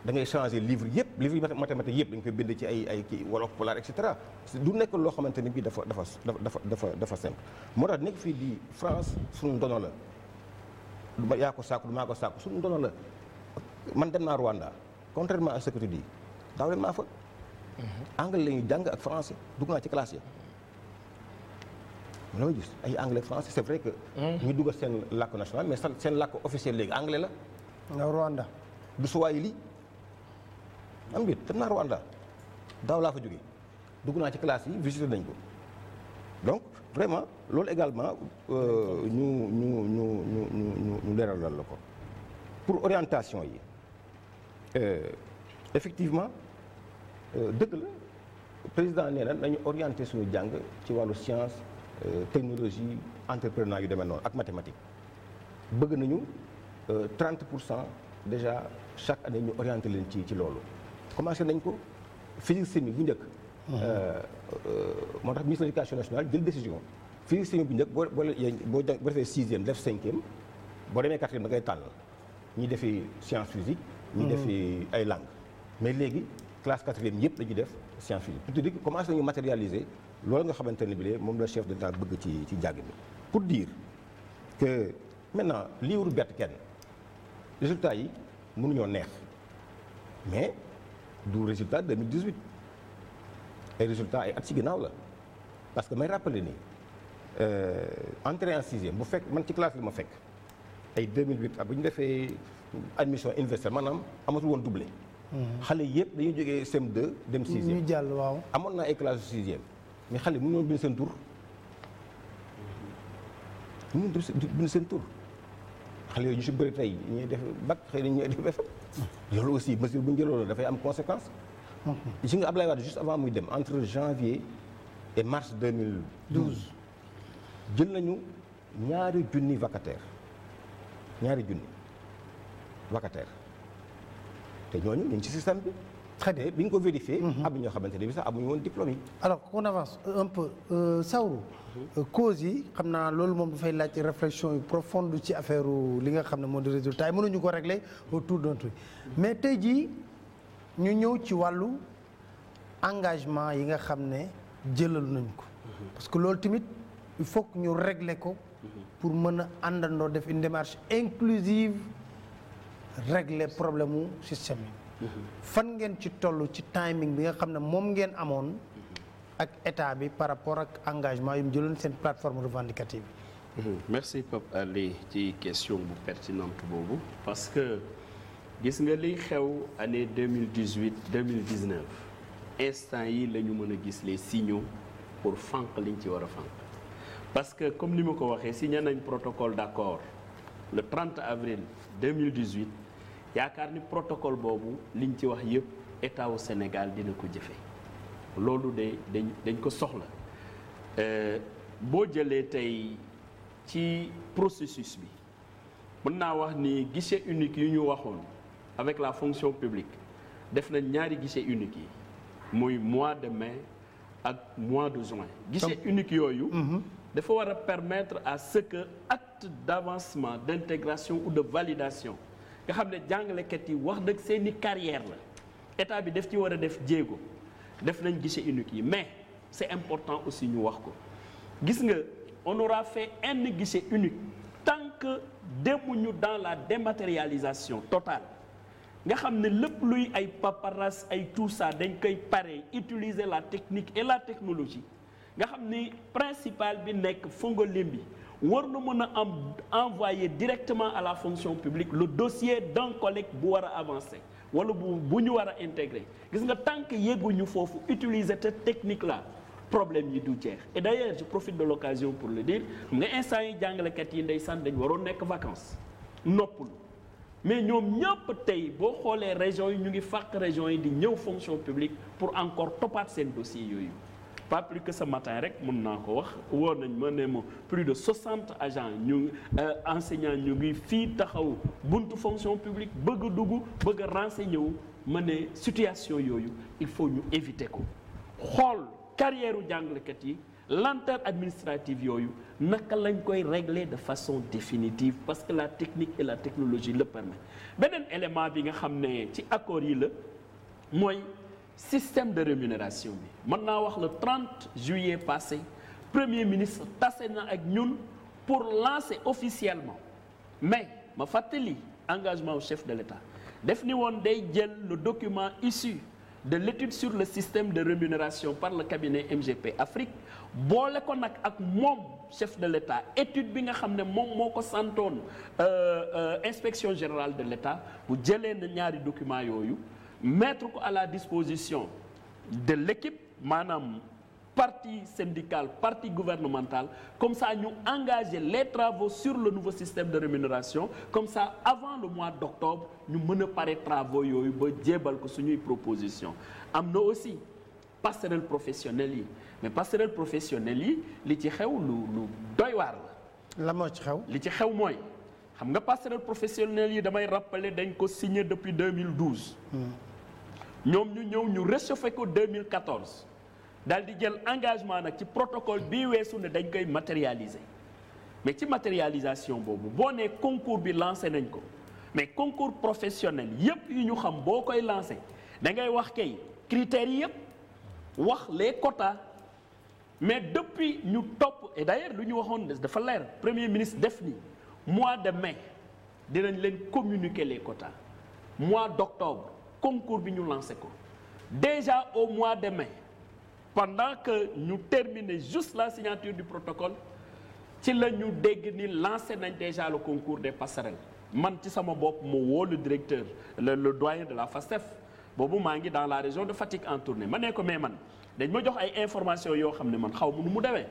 da ngay changer livre yëpp livre yi mathématique yëpp dañ koy bind ci ay ay kii a polaar et cetera du nekk loo xamante ni bii dafa dafa dafa dafa dafa simple moo tax nekk fii di France suñu ndono la yaa ko sàkku maa ko sàkku suñu ndono la man dem naa Rwanda contrairement à ce daaw leen maa fa. anglais ak français dugg naa ci classe yi. loolu la gis ay anglais français c'est vrai que. Hmm. ñu dugal seen làkk national mais seen làkk officiel léegi anglais la. nga Rwanda. du Swahili. dugg naa ci classe yi visité nañ ko vraiment loolu également euh, ñu ñu ñu ñu ñu ñu leeralal la ko pour orientation yi. Euh, effectivement euh, dëgg la président nee na nañu orienté suñu jàng ci wàllu science euh, technologie entrepreneur yu demee noonu ak mathématique bëgg nañu 30 euh, pour cent déjà chaque anne ñu orienté leen ci ci loolu commencé nañ ko physique chimie bu njëkk mmh. moo tax ministre de l'éducation nationale jël décision physique chimie bu njëkk boo boo boo defee sixième def cinquième boo demee quatrième da ngay tànn ñi defi science physique ñi mmh. defi ay langues mais léegi classe quatrième yëpp dañuy def science physique tout dire commencé nañu matérialiser loolu nga xamante ne bii moom la chef de l'État bëgg ci ci bi pour dire que maintenant lii warul bett kenn résultat yi mënuñoo neex mais du résultat 2018 ay résultat ay at ci ginnaaw la parce que may rappeler ni euh, entrée en sixième bu fekk man ci classe bi ma fekk ay 2008 ak ah, bu ñu defee admission universelle maanaam amatul woon doublé. xale yëpp dañuy jógee CM2 dem sixième ñu jàll waaw amoon naa ay classe sixième mais xale mënu noon bind seen tur mënu bind seen tur xale yooyu ñu si bëri tey ñuy def bac xëy na ñuy def def loolu aussi mesure bu ñu jëloon dafay am conséquence mhm. si nga Ablaye Wade juste avant muy dem entre janvier et mars 2012 jël nañu ñaari junni vacataire ñaari junni vacataire te ñooñu ñu ngi ci système bi traité bi ñu ko vérifié. Mhm. ab ñoo xamante ne bi sax amuñu woon diplôme yi. alors qu'on avance un peu euh, Saourou. Mhm. Euh, causes yi xam naa loolu moom dafay laaj réflexion yu profonde ci affaire li nga xam ne moo di résultat yi mënuñu ko régler autour d'un truc mais tey jii ñu ñëw ci wàllu engagement yi nga xam ne jëlalu nañ ko. Mhm. parce que loolu tamit il faut que ñu régler ko. pour mën a àndandoo def une démarche inclusive. régler problème mu système fan ngeen ci toll ci timing bi nga xam ne moom ngeen amoon. ak état bi par rapport ak engagement yu mu jëloon seen plateforme revendicative bi. merci Pape li ci question bu pertinente boobu parce que gis nga liy xew année deux mille dix huit deux mille dix neuf instant yi la ñu mën a gis les signaux pour fànq liñ ci war a parce que comme ni ma ko waxee signé nañ protocole d' accord le 30 avril 2018 yaakaar ni protocole boobu liñ ci wax yëpp état wu Sénégal dina ko jëfe loolu de dañ dañ ko soxla euh, boo jëlee tey ci processus bi mën naa wax ni guichet unique yu ñu waxoon avec la fonction publique def na ñaari guichet unique yi muy mois de mai ak mois de join guichet unique yooyu mm-hmm. dafa war a permettre à ce que acte d'avancement d'intégration ou de validation nga xam ne jàngalekat yi wax dëgg seeni carrière la état bi def ci war a def jéego def nañ guichet unique yi mais c'est important aussi ñu wax ko gis nga on aura fait un guichet unique tant que demuñu dans la dématérialisation totale nga xam ne lépp luy ay paparas ay tout ça dañ koy pare utiliser la technique et la technologie nga xam ni principal bi nekk bi war na mën a am envoyer directement à la fonction publique le dossier d'un collègue bu war a avancer wala bu bu ñu war a intégrer gis nga tant que yegguñu foofu utiliser te technique la problème yi du jeex et d'ailleurs je profite de l'occasion pour le dire nga instant yi jàngalekat yi ndeysaan dañ waroon nekk vacances noppalu mais ñoom ñëpp tey boo xoolee régions yi ñu ngi fàq régions yi di ñëw fonction publique pour encore toppaat seen dossier yooyu pas plus que ce matin rek mun naa ko wax woo nañ mën ne ma plus de 60 agents ñu euh, enseignants ñu ngi fii taxaw buntu fonction publique bëgg a bëgg a renseigner ma ne situation yooyu il faut ñu éviter ko xool carrière u jàngalekat yi lenteur administrative yooyu naka lañ koy régler de façon définitive parce que la technique et la technologie le permet beneen élément bi nga xam ne ci accords yi la mooy système de rémunération bi mën naa wax le 30 juillet passé premier ministre tase na ak ñun pour lancer officiellement mais ma fàttali engagement chef de l'État def ni woon day jël le document issu de l'étude sur le système de rémunération par le cabinet MGP Afrique boole ko nag ak moom chef de l'État étude bi nga xam ne moom moo ko santoon euh, euh, inspection générale de l'État bu jëlee na ñaari document yooyu mettre ko à la disposition de l'équipe maanaam parti syndical parti gouvernemental comme ça ñu engager les travaux sur le nouveau système de rémunération comme ça avant le mois d'octobre ñu mën a pare travaux yooyu ba jéebal ko suñuy proposition am na aussi passerelle professionnelle yi mais passerelle professionnel yi li ci xew lu lu doy waar la. la moo ci xew. li ci xew mooy xam nga passerelle professionnelle yi damay rappeler dañ ko signé depuis 2012. Mm. ñoom ñu ñëw ñu réchauffé ko 2014 daal di jël engagement nag ci protocole bi weesu ne dañ koy matérialiser mais ci matérialisation boobu boo nee concours bi lancé nañ ko mais concours professionnel yépp yu ñu xam boo koy lancé da ngay wax kay critères yi yépp wax les quotas mais depuis ñu topp et d'ailleurs lu ñu waxoon dafa leer premier ministre def ni mois de mai dinañ leen communiquer les quotas mois d'octobre concours bi ñu lancé ko déjà au mois de mai pendant que ñu terminer juste la signature du protocole ci la ñu dégg ni lancé nañ déjà le concours des passerelles man ci sama bopp mu woo le directeur le, le doyen de la FASTEF boobu maa ngi dans la région de Fatick en tournée ma ne ko mais man dañ ma jox ay information yoo xam ne man xaw ma nu mu demee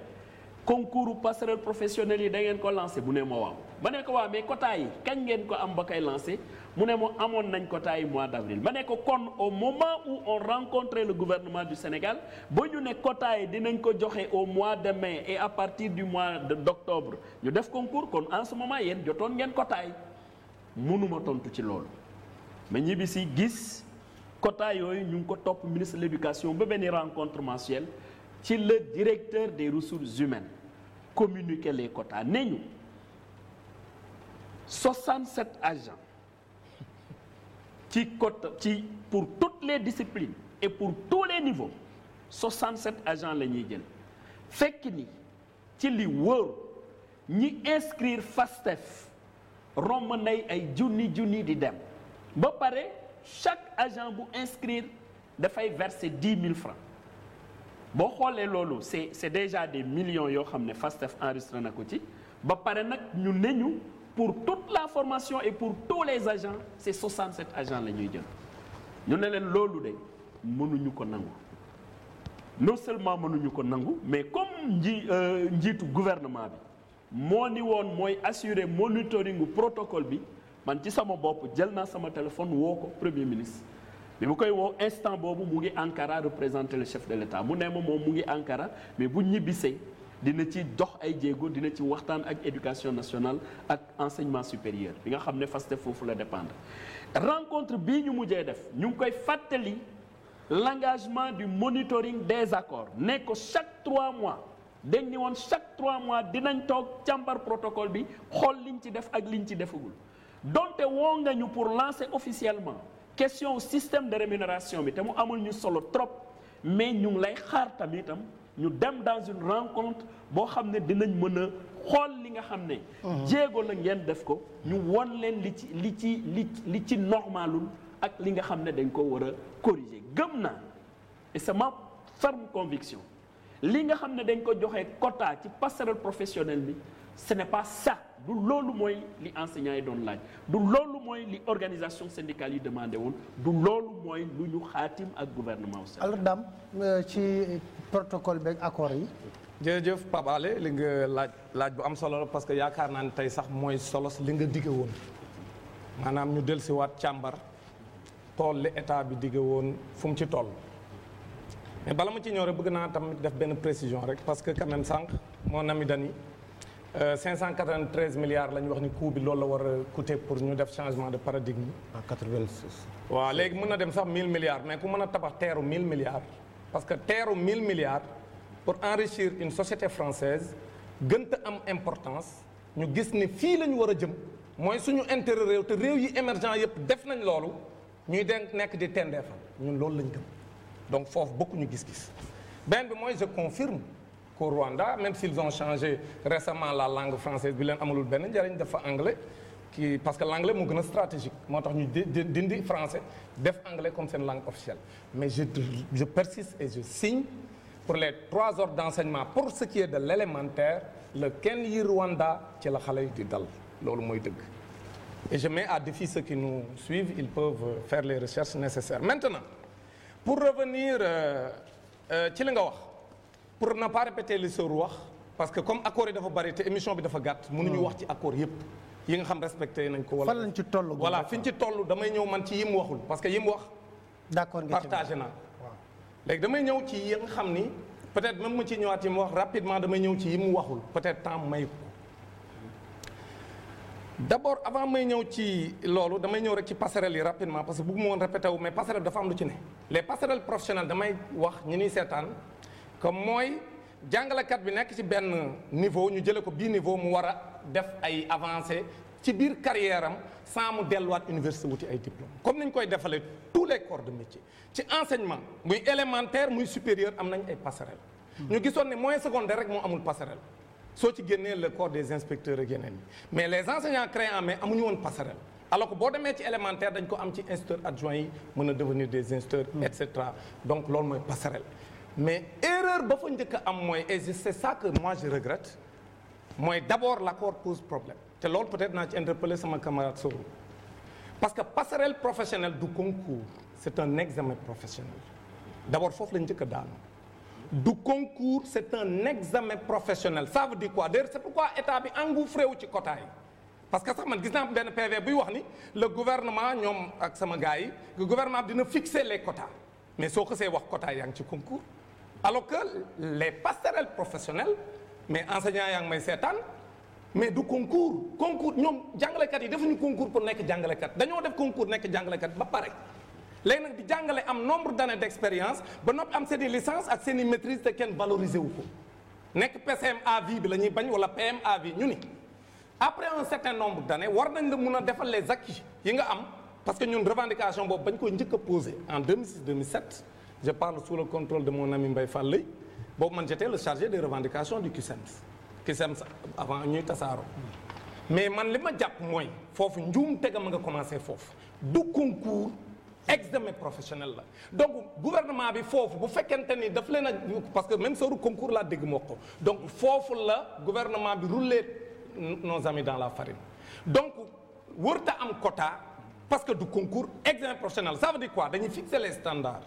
concours passerelle professionnel yi da ngeen ko lancé bu nee moo waaw ma ne ko waaw mais quota kañ ngeen ko am ba koy lancé mu ne moo amoon nañ quota yi mois d' avril ma ne ko kon au moment où on rencontrait le gouvernement du Sénégal boo ñu ne quota dinañ ko joxe au mois de mai et à partir du mois de d' octobre ñu def concours kon en ce moment yéen jotoon ngeen quota yi mënuma tontu ci loolu ma ñibbi si gis quota yooyu ñu ngi ko topp ministre de l' éducation ba rencontre mensuelle ci le directeur des ressources humaines communiquer les quotas ne ñu 67 agent ci quota ci pour toutes les disciplines et pour tous les niveaux 67 agents la ñuy jël fekk ni ci li wóor ñi inscrire fastes romb nay ay junni junni di dem ba pare chaque agent bu inscrire dafay verser 10 000 francs boo xoolee loolu c'est c'est déjà des millions yoo xam ne FASTEF enregistré na ko ci ba pare nag ñu ne ñu pour toute la formation et pour tous les agents c'est 67 agents la ñuy jël ñu ne leen loolu de mënuñu ko nangu non seulement mënuñu ko nangu mais comme nji euh, njiitu gouvernement bi moo ni woon mooy assurer monitoringu protocole bi man ci sama bopp jël naa sama téléphone woo ko premier ministre bi mu koy woo instant boobu mu ngi Ankara représenté le chef de l'État mu ne ma moom mu ngi Ankara mais bu ñibbisee dina ci dox ay jéego dina ci waxtaan ak éducation nationale ak enseignement supérieur bi nga xam ne FASTEF foofu la dépendre rencontre bii ñu mujjee def ñu ngi koy fàttali l'engagement du monitoring des accords ne ko chaque trois mois dañ ni woon chaque trois mois dinañ toog càmbar protocole bi xool liñ ci def ak liñ ci defagul donte woo nga ñu pour lancer officiellement question système de rémunération bi te mu amul ñu solo trop mais ñu ngi lay xaar tamitam ñu dem dans une rencontre boo xam ne dinañ mën a xool li nga xam ne. Mhm. jéego la ngeen def ko ñu won leen li ci li ci li li ci normalul ak li nga xam ne dañ ko war a corriger gëm naa sama c'est ma ferme conviction li nga xam ne dañ ko joxe quota ci passerelle professionnelle bi ce n'est pas ça. du loolu mooy li enseignants yi doon laaj du loolu mooy li organisation syndicale yi demandé woon du loolu mooy lu ñu xaatim ak gouvernement aussi. alors Dame euh, ci protocole beeg accord yi. jërëjëf Pape Alé li nga laaj laaj bu am solo la parce que yaakaar naa ne tey sax mooy solos li nga digge woon maanaam ñu dellusiwaat càmbar tool li état bi digge woon fu ci tool mais bala ma ci ñëw rek bëgg naa tamit def benn précision rek parce que quand même sànq mon ami Dani 593 euh, milliards la ñu wax ni coût bi loolu la war a coûter pour ñu def changement de paradigme. Ah, en 86. waaw léegi mën na dem sax 1000 milliards mais ku mën a tabax teeru 1000 milliards. parce que teeru 1000 milliards pour enrichir une société française gënta am importance ñu gis ni fii la ñu war a jëm mooy suñu intérêt réew te réew yi émergent yëpp def nañ loolu ñuy denk nekk di tendeefal ñun loolu lañ gëm donc foofu bokkuñu gis-gis benn bi mooy je confirme. qu'au Rwanda même s'ils ont changé récemment la langue française bi leen amalul benn def fa anglais ki parce que l'anglais moo gën a stratégique moo tax ñu dindi français def anglais comme seen langue officielle mais je je persiste et je signe pour les trois ordres d'enseignement pour ce qui est de l'élémentaire le kenn yi Rwanda ci la xale yi di dal loolu mooy dëgg et je mets à défi ceux qui nous suivent ils peuvent faire les recherches nécessaires maintenant pour revenir euh, euh, ci li nga wax pour ne pas répéter li sœur wax parce que comme accords yi dafa bari te émission bi dafa gàtt mënuñu hmm. wax ci accords yépp yi nga xam respecté nañ ko wala fan lañ ci toll voilà fi ñu ci toll damay ñëw man ci yim waxul parce que yim wax d'accord nga partagé naa waaw léegi damay ñëw ci yi nga xam ni peut-être même ma ci ñëwaat yi mu wax rapidement damay ñëw ci yi mu waxul peut-être temps may ko d'abord avant may ñëw ci loolu damay ñëw rek ci passerelle yi rapidement parce que bëgguma woon répété wu mais passerelle dafa am lu ci ne les passerelles wax ñi ñuy seetaan comme mooy jàngalekat bi nekk ci benn niveau ñu jële ko bii niveau mu war a def ay avancées ci biir carrière am sans mu delluwaat université wuti ay diplôme comme ni koy defalee tous les corps de métier ci enseignement muy élémentaire muy supérieur am nañ ay passerelles. ñu gisoon ne moyen secondaire rek moo amul passerelle soo ci génnee le corps des inspecteurs ak yeneen yi mais les enseignants créés en mai amuñu woon passerelle alors que boo demee ci élémentaire dañ ko am ci instituteurs adjoints yi mën a devenir des instituteurs et cetera donc loolu mooy passerelle mais erreur ba fa njëkk am mooy et c'est ça que moi je regrette mooy d'abord l'accord pose problème te lool peut-être naa ci interpeller sama camarade Sow parce que passerelle professionnelle du concours c'est un examen professionnel d'abord foofu la njëkk a daanu du concours c'est un examen professionnel ça veut dire quoi d'ailleurs c'est pourquoi état bi engouffré wu ci quota yi parce que sax man gis naa benn PV buy wax ni le gouvernement ñoom ak sama gars yi le dina fixer les quotas mais soo xasee wax quota yaa ngi ci concours alors que les passerelles professionnelles mais enseignants yaa ngi may seetaan mais du concours concours ñoom jàngalekat yi defuñu concours pour nekk jàngalekat dañoo def concours nekk jàngalekat ba pare léegi nag di jàngale am nombre d'années d'expérience ba noppi am seen licence ak seen i te kenn valoriser wu ko nekk PCM bi la ñuy bañ wala PM à vie ñu ni après un certain nombre d'années war nañ la mun a defal les acquis yi nga am parce que ñun revendication boobu bañ njëkk a en 2006 2007 je parle sous le contrôle de mon ami Mbaye Falley boobu man j'étais le chargé des revendications du CUSEMS CUSEMS avant ñuy tasaaroo mais man li ma jàpp mooy foofu njuum tegam nga commencé foofu du concours examen professionnel la donc gouvernement bi foofu bu fekkente ni daf leen a parce que même sooru concours laa dégg ko donc foofu la gouvernement bi rouler nos amis dans la farine donc wërta am quota parce que du concours examen professionnel ça veut quoi dañuy fixer les standards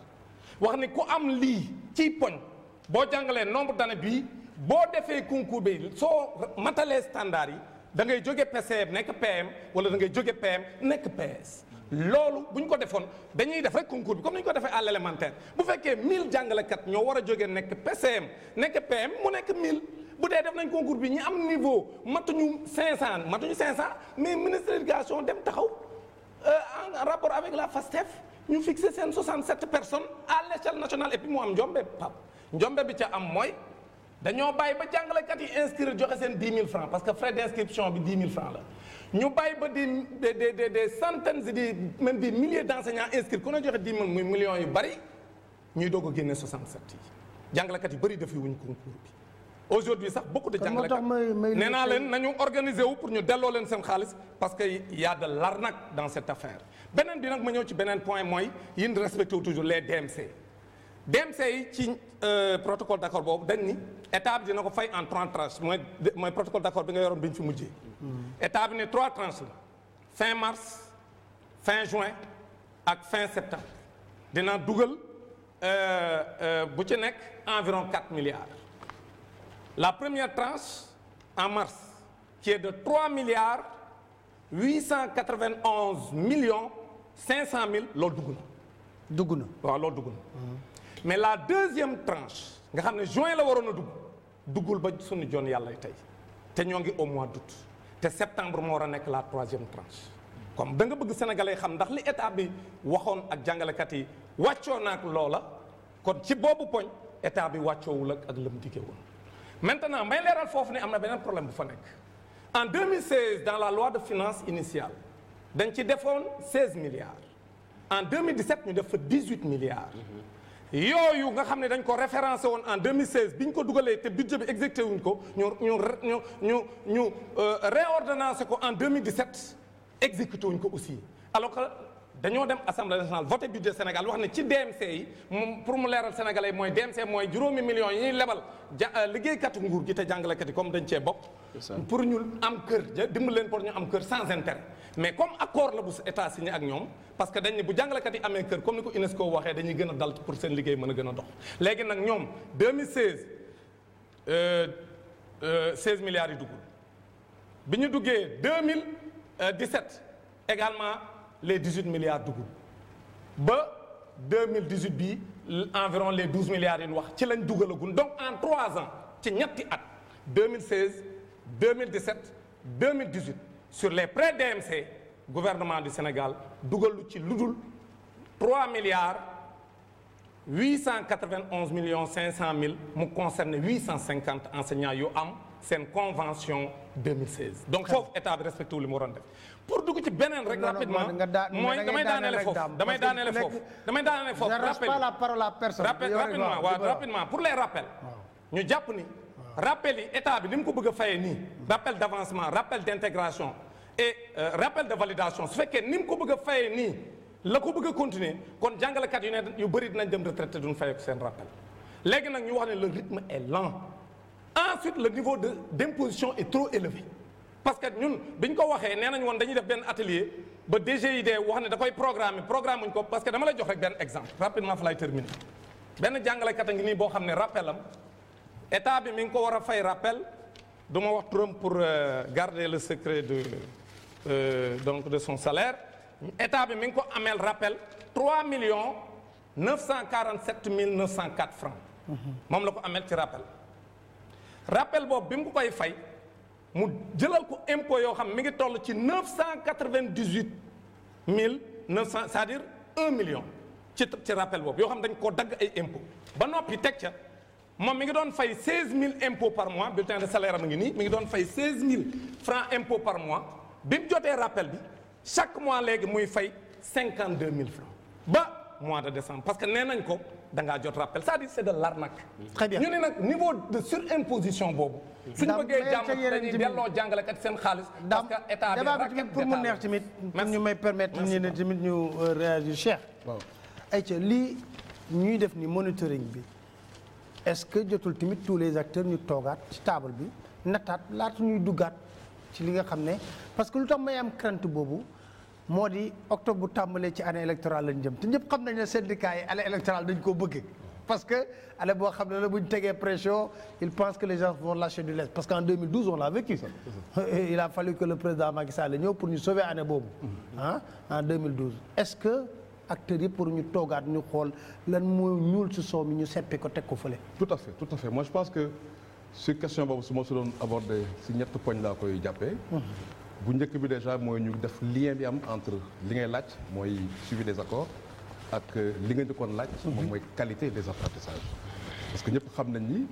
wax ni ku am lii ciy poñ boo jàngalee nombre d'année bii boo defee concours bi soo matalee standard yi da ngay jóge PCM nekk PM wala da ngay jóge PM nekk PS loolu bu ñu ko defoon dañuy def rek concours bi comme ni ñu ko defee à l'élémentaire bu fekkee 1000 jàngalekat ñoo war a jóge nekk PCM nekk PM mu nekk 1000 bu dee def nañ concours bi ñu am niveau matuñu 500 matuñu 500 mais ministre de l'éducation dem taxaw euh, en rapport avec la FASTEF ñu fixé seen 67 personnes à l'échelle nationale et puis mu am njombe pap njombe bi ca am mooy dañoo bàyyi ba jàngalekat yi inscrire joxe seen 10 mille francs parce que frais d'inscription bi 10 000 francs la ñu bàyyi ba di des des des des centaines di même des milliers d'enseignants ku ne joxe 10 000 muy millions yu bari ñuy doog a génne 67 yi jàngalekat yu bari defi wuñ concours bi. aujourd'hui sax beaucoup de jàngalekat nee naa leen nañu organiser wu pour ñu delloo leen seen xaalis parce que y a de l'arnaque dans cette affaire beneen bi nag ma ñëw ci beneen point mooy yi ñu respecté wu toujours les DMC. DMC yi ci euh, protocole d'accord boobu dañ ni état bi dina ko fay en trois tranches mooy mooy protocole d'accord bi nga yoroon bi ñu fi mujjee. Hmm. état bi ne trois tranches la fin mars fin juin ak fin septembre dina dugal euh, euh, bu ci nekk environ 4 milliards. La première tranche en mars, qui est de 3 milliards 891 millions 500 mille loolu dugg na. dugg na waaw loolu dugg na. mais la deuxième tranche. nga xam ne juin la waroon a dugg. duggul ba suñu joon yàlla tey. te ñoo ngi au mois d'août. te septembre moo war a nekk la troisième tranche. comme da nga bëgg sénégalais xam ndax li état bi waxoon ak jàngalekat yi wàccoo na ak loola kon ci boobu poñ état bi wàccoowul ak ak lëm diggé woon maintenant may leeral foofu ne am na beneen problème bu fa nekk en 2016 dans la loi de finances initiale dañ ci defoon 16 milliards en 2017 ñu def fa 18 milliards yooyu nga xam ne dañ ko référencé woon en 2016 bi ñu ko dugalee te budget bi exécuté wuñ ko ñu ñu ñu ñu ñu euh, réordonnancé ko en 2017 exécuté wuñ ko aussi alors que dañoo dem assemblée nationale voté budget Sénégal wax ne ci DMC yi moom pour mu leeral sénégalais yi mooy DMC mooy juróomi millions yi ñuy lebal ja euh, nguur gi te jàngalekat yi comme dañ cee bokk. pour ñu am kër dimbali leen pour ñu am kër sans intérêt. mais comme accord la bu état signé ak ñoom parce que dañ bu jàngalekat yi amee kër comme ni ko UNESCO waxee dañuy gën a dal pour seen liggéey mën a gën a dox léegi nag ñoom 2016 16 euh, euh, milliards yi duggul bi ñu duggee 2017 également. les 18 milliards dugub ba 2018 bii environ les 12 milliards yi ñu wax ci lañ dugalagun donc en trois ans ci ñetti at 2016 2017 2018 sur les prêts DMC gouvernement du Sénégal dugalu ci lu dul 3 milliards million millions 500 mille mu concerne 850 enseignants yu am seen convention 2016. donc foofu état bi respecté wu li mu waroon def. pour dugg ci beneen rek rapidement mooy damay daanele foofu damay daanele foofu damay daanele foofu rappel pas la parole à personne rapidement waaw rapidement pour jàpp ni rappel état bi ni mu ko bëgg a fayee nii mm. rappel d'avancement rappel d'intégration et euh, rappel de validation su fekkee ni mu ko bëgg a fayee nii la ko bëgg a continuer kon jàngalekat yu ne yu bëri dinañ dem retraité duñ fayee ko seen rappel léegi nag ñu wax ne le rythme est lent ensuite le niveau de d'imposition est trop élevé parce que ñun biñ ko waxee nee nañu woon dañuy def benn atelier ba DGID wax ne da koy programmer programme wuñ ko parce que dama lay jox rek benn exemple rapidement fa lay terminer benn jàngalekat a ngi nii boo xam ne rappel am état bi mi ngi ko war a fay rappel du ma wax turam pour euh, garder le secret de euh, donc de son salaire état bi mi ngi ko ameel rappel 3 millions 947 mille 904 francs mhm. moom la ko ameel ci rappel boobu bi mu koy fay mu jëlal ko impôt yoo xam mi ngi toll ci neuf cent quatre-vingt-dix-huit mille neuf cent c'est-à-dire un million ci ci rappel boobu yoo xam dañ koo dagg ay impôt ba noppi teg ca moom mi ngi doon fay seize mille impôt par mois bulletin de ngi nii mi ngi doon fay seize mille francs impôt mois bi mu jotee rappel bi chaque mois léegi muy fay cinquante deux mille francs ba mois de décembre parce que nee nañ ko da jot rappel c'est-à-dire c'est de l'arnaque. très bien ñu ne nag niveau de surimposition boobu. suñu bëggee jàmm dañuy delloo jàngalekat seen xaalis. parce que état bi ràq ak mu neex tamit. même ñu may permettre ñu ne tamit ñu euh, réagir Cheikh. waaw ayca lii ñuy def ni monitoring bi est-ce que jotul tamit tous les acteurs ñu toogaat ci taabal bi nataat laata ñuy duggaat ci li nga xam ne parce que lu tax may am boobu. moo di octobre bu tàmbalee ci année électorale lañ jëm te ñëpp xam nañ ne syndicats yi année électorale dañ koo bëgg parce que année boo xam ne la bu ñu tegee pression ils pensent que les gens vont lâcher du il a fallu que le président Macky Sall ñëw pour ñu sauver année boobu ah en est-ce que acteurs yi pour ñu toogaat ñu xool lan mu ñuul si soow mi ñu seppi ko teg ko fële tout à fait tout à fait moi je pense que si question boobu su ma su doon aborder si ñett poñ laa koy jàppee bu njëkk bi déjà mooy ñu def lien bi am entre li ngay laaj mooy suivi des accords ak euh, li nga njëkkoon laaj. Mhm. moom mooy qualité des apprentissages. parce que ñëpp xam nañ ni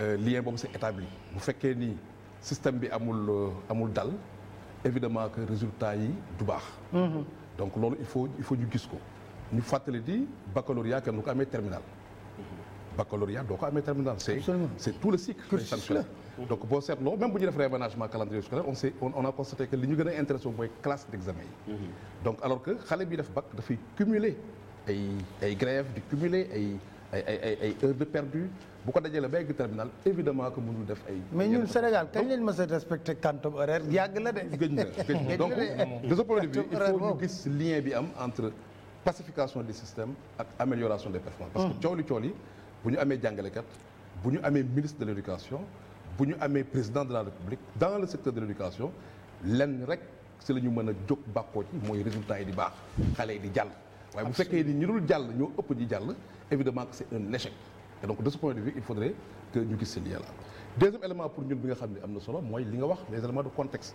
euh, lien boobu c'est établi bu fekkee nii système bi amul euh, amul dal évidemment que résultat yi du baax. Mhm. donc loolu il faut il faut ñu gis ko. ñu fàttali di baccalauréat kenn du ko amee terminal baccalauréat doo ko amee terminal c'est tout le cycle sanctionné donc boo seetloo même bu ñu def réaménagement calendrier scolaire on s'est on a constaté que li ñu gën a intéressé mooy classe d'examen yi mhm. donc alors que xale bi def bac dafay cumuler ay grève di cumuler ay ay de perdu bu ko dajale ba egg terminal évidemment que mënul def ay. mais ñun Sénégal kañ lañ mës a respecté quantum horaire yàgg la de. gëj na gëj na de ce point de vue il bu ñu amee jàngalekat bu ñu amee ministre de l' bu ñu amee président de la république dans le secteur de l' éducation rek si la ñu mën a jóg bàkkoo ci mooy résultat yi di baax xale yi di jàll. waaye bu fekkee nii ñu dul jàll ñoo ëpp di jàll évidemment que c' un échec et donc de ce point de vue il faudrait que ñu gis seen yàlla. deuxième élément pour ñun bi nga xam ne am na solo mooy li nga wax les éléments de contexte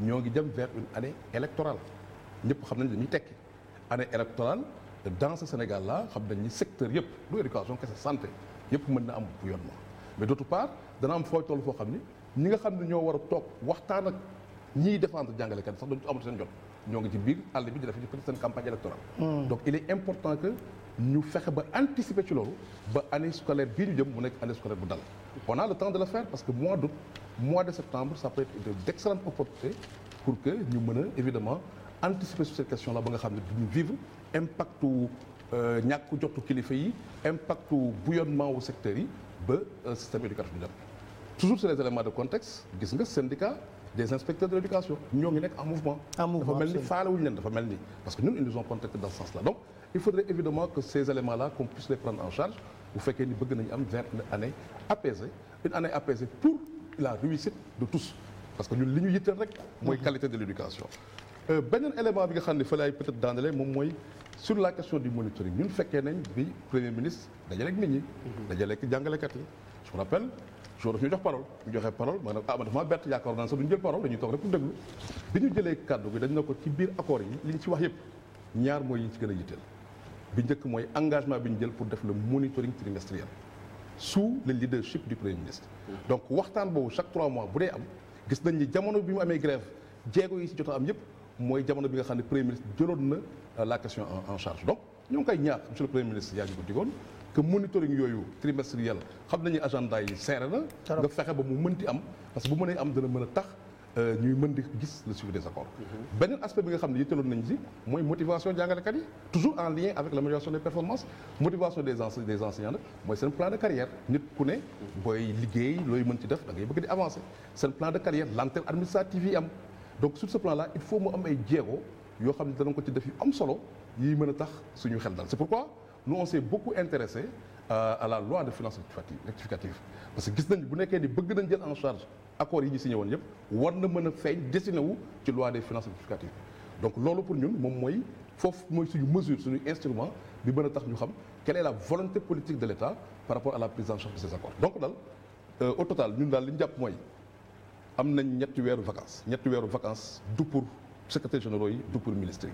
ñoo ngi jëm année électorale ñëpp xam nañ dañuy tekki année électorale. te dans ce Sénégal là xam nañ ni secteur yëpp du éducation kese santé yëpp mën na am bouillonnement mais d'autre part dana am fooy toll foo xam ni ñi nga xam ne ñoo war a toog waxtaan ak ñiy défendre jàngalekat sax dañu amatu seen jot ñoo ngi ci biir àll bi di def ci peut seen campagne électorale hmm. donc il est important que ñu fexe ba anticiper ci loolu ba année scolaire bii ñu jëm mu nekk année scolaire bu dal on le temps de le faire parce que mois d'août pour que ñu mën a évidemment anticiper sur la question ba nga xam ne duñu vivre impactu euh, ñàkk jotu kilifa yi impactu bouillonnement wu secteur yi ba euh, système éducatif bi dem toujours sur les éléments de contexte gis nga syndicat des inspecteurs de l'éducation ñoo ngi nekk en mouvement dafa mel ni faalewuñu leen dafa mel ni parce que ñun ils nous ont contacté dans ce sens là donc il faudrait évidemment que ces éléments là qu'on puisse les prendre en charge bu fekkee ni bëgg nañu am vingt année apaisée une année apaisée pour la réussite de tous parce que ñun li ñu yitteel rek mooy mm-hmm. qualité de l'éducation Euh, beneen élément bi nga xam ne fa laay peut-être daanale moom mooy sur la question du monitoring ñun fekkee nañ bi premier ministre dajaleeg nit ñi. Mhm. dajaleeg jàngalekat yi. je me rappelle jour daf ñu jox parole ñu joxee parole maanaam ah man dafa maa bett yaakaar naa sax duñ jël parole dañuy toog rek pour déglu bi ñu jëlee kàddu gi dañ na ko ci biir accord yi li ñu ci wax yëpp ñaar mooy yi ñu ci gën a yitteel bi njëkk mooy engagement bi ñu jël pour def le monitoring trimestriel sous le leadership du premier mhm. waxtaan boobu chaque 3 mois bu dee am gis nañ ni jamono bi mu amee grève jéego yi ci jot a yëpp. mooy jamono bi nga xam ne premier ministre jëloon na euh, la question en charge donc ñu ngi koy ñaax monsieur le premier ministre yaa ngi ko digoon que monitoring yooyu trimestriel xam nañu agenda yi serré na nga fexe ba mu mënti am parce que bu mënee am dana mën a tax euh, ñuy mën di gis le suivi des accords mm-hmm. beneen aspect bi nga xam ne yitteloon nañ si mooy motivation jàngalekat yi toujours en lien avec l'amélioration des performances motivation des ense de carrière nit ku ne mm-hmm. booy donc sur ce plan là il faut mu am ay jéego yoo xam ne danañ ko ci def yu am solo yi mën a tax suñu xel dal c'est pourquoi nous on s'est beaucoup intéressé euh, à la loi de finances rectificative parce que gis nañ bu nekkee ni bëgg nañ jël en charge accords yi ñu signé woon yëpp war na mën a feeñ dessiné ci loi des finances rectificative donc loolu pour ñun moom mooy foofu mooy suñu mesure suñu instrument bi mën a tax ñu xam quelle est la volonté politique de l'État par la prise en charge de ces euh, ñun daal li jàpp mooy am nañ ñetti weeru vacances ñetti weeru vacances du pour secrétaire généraux yi du pour ministres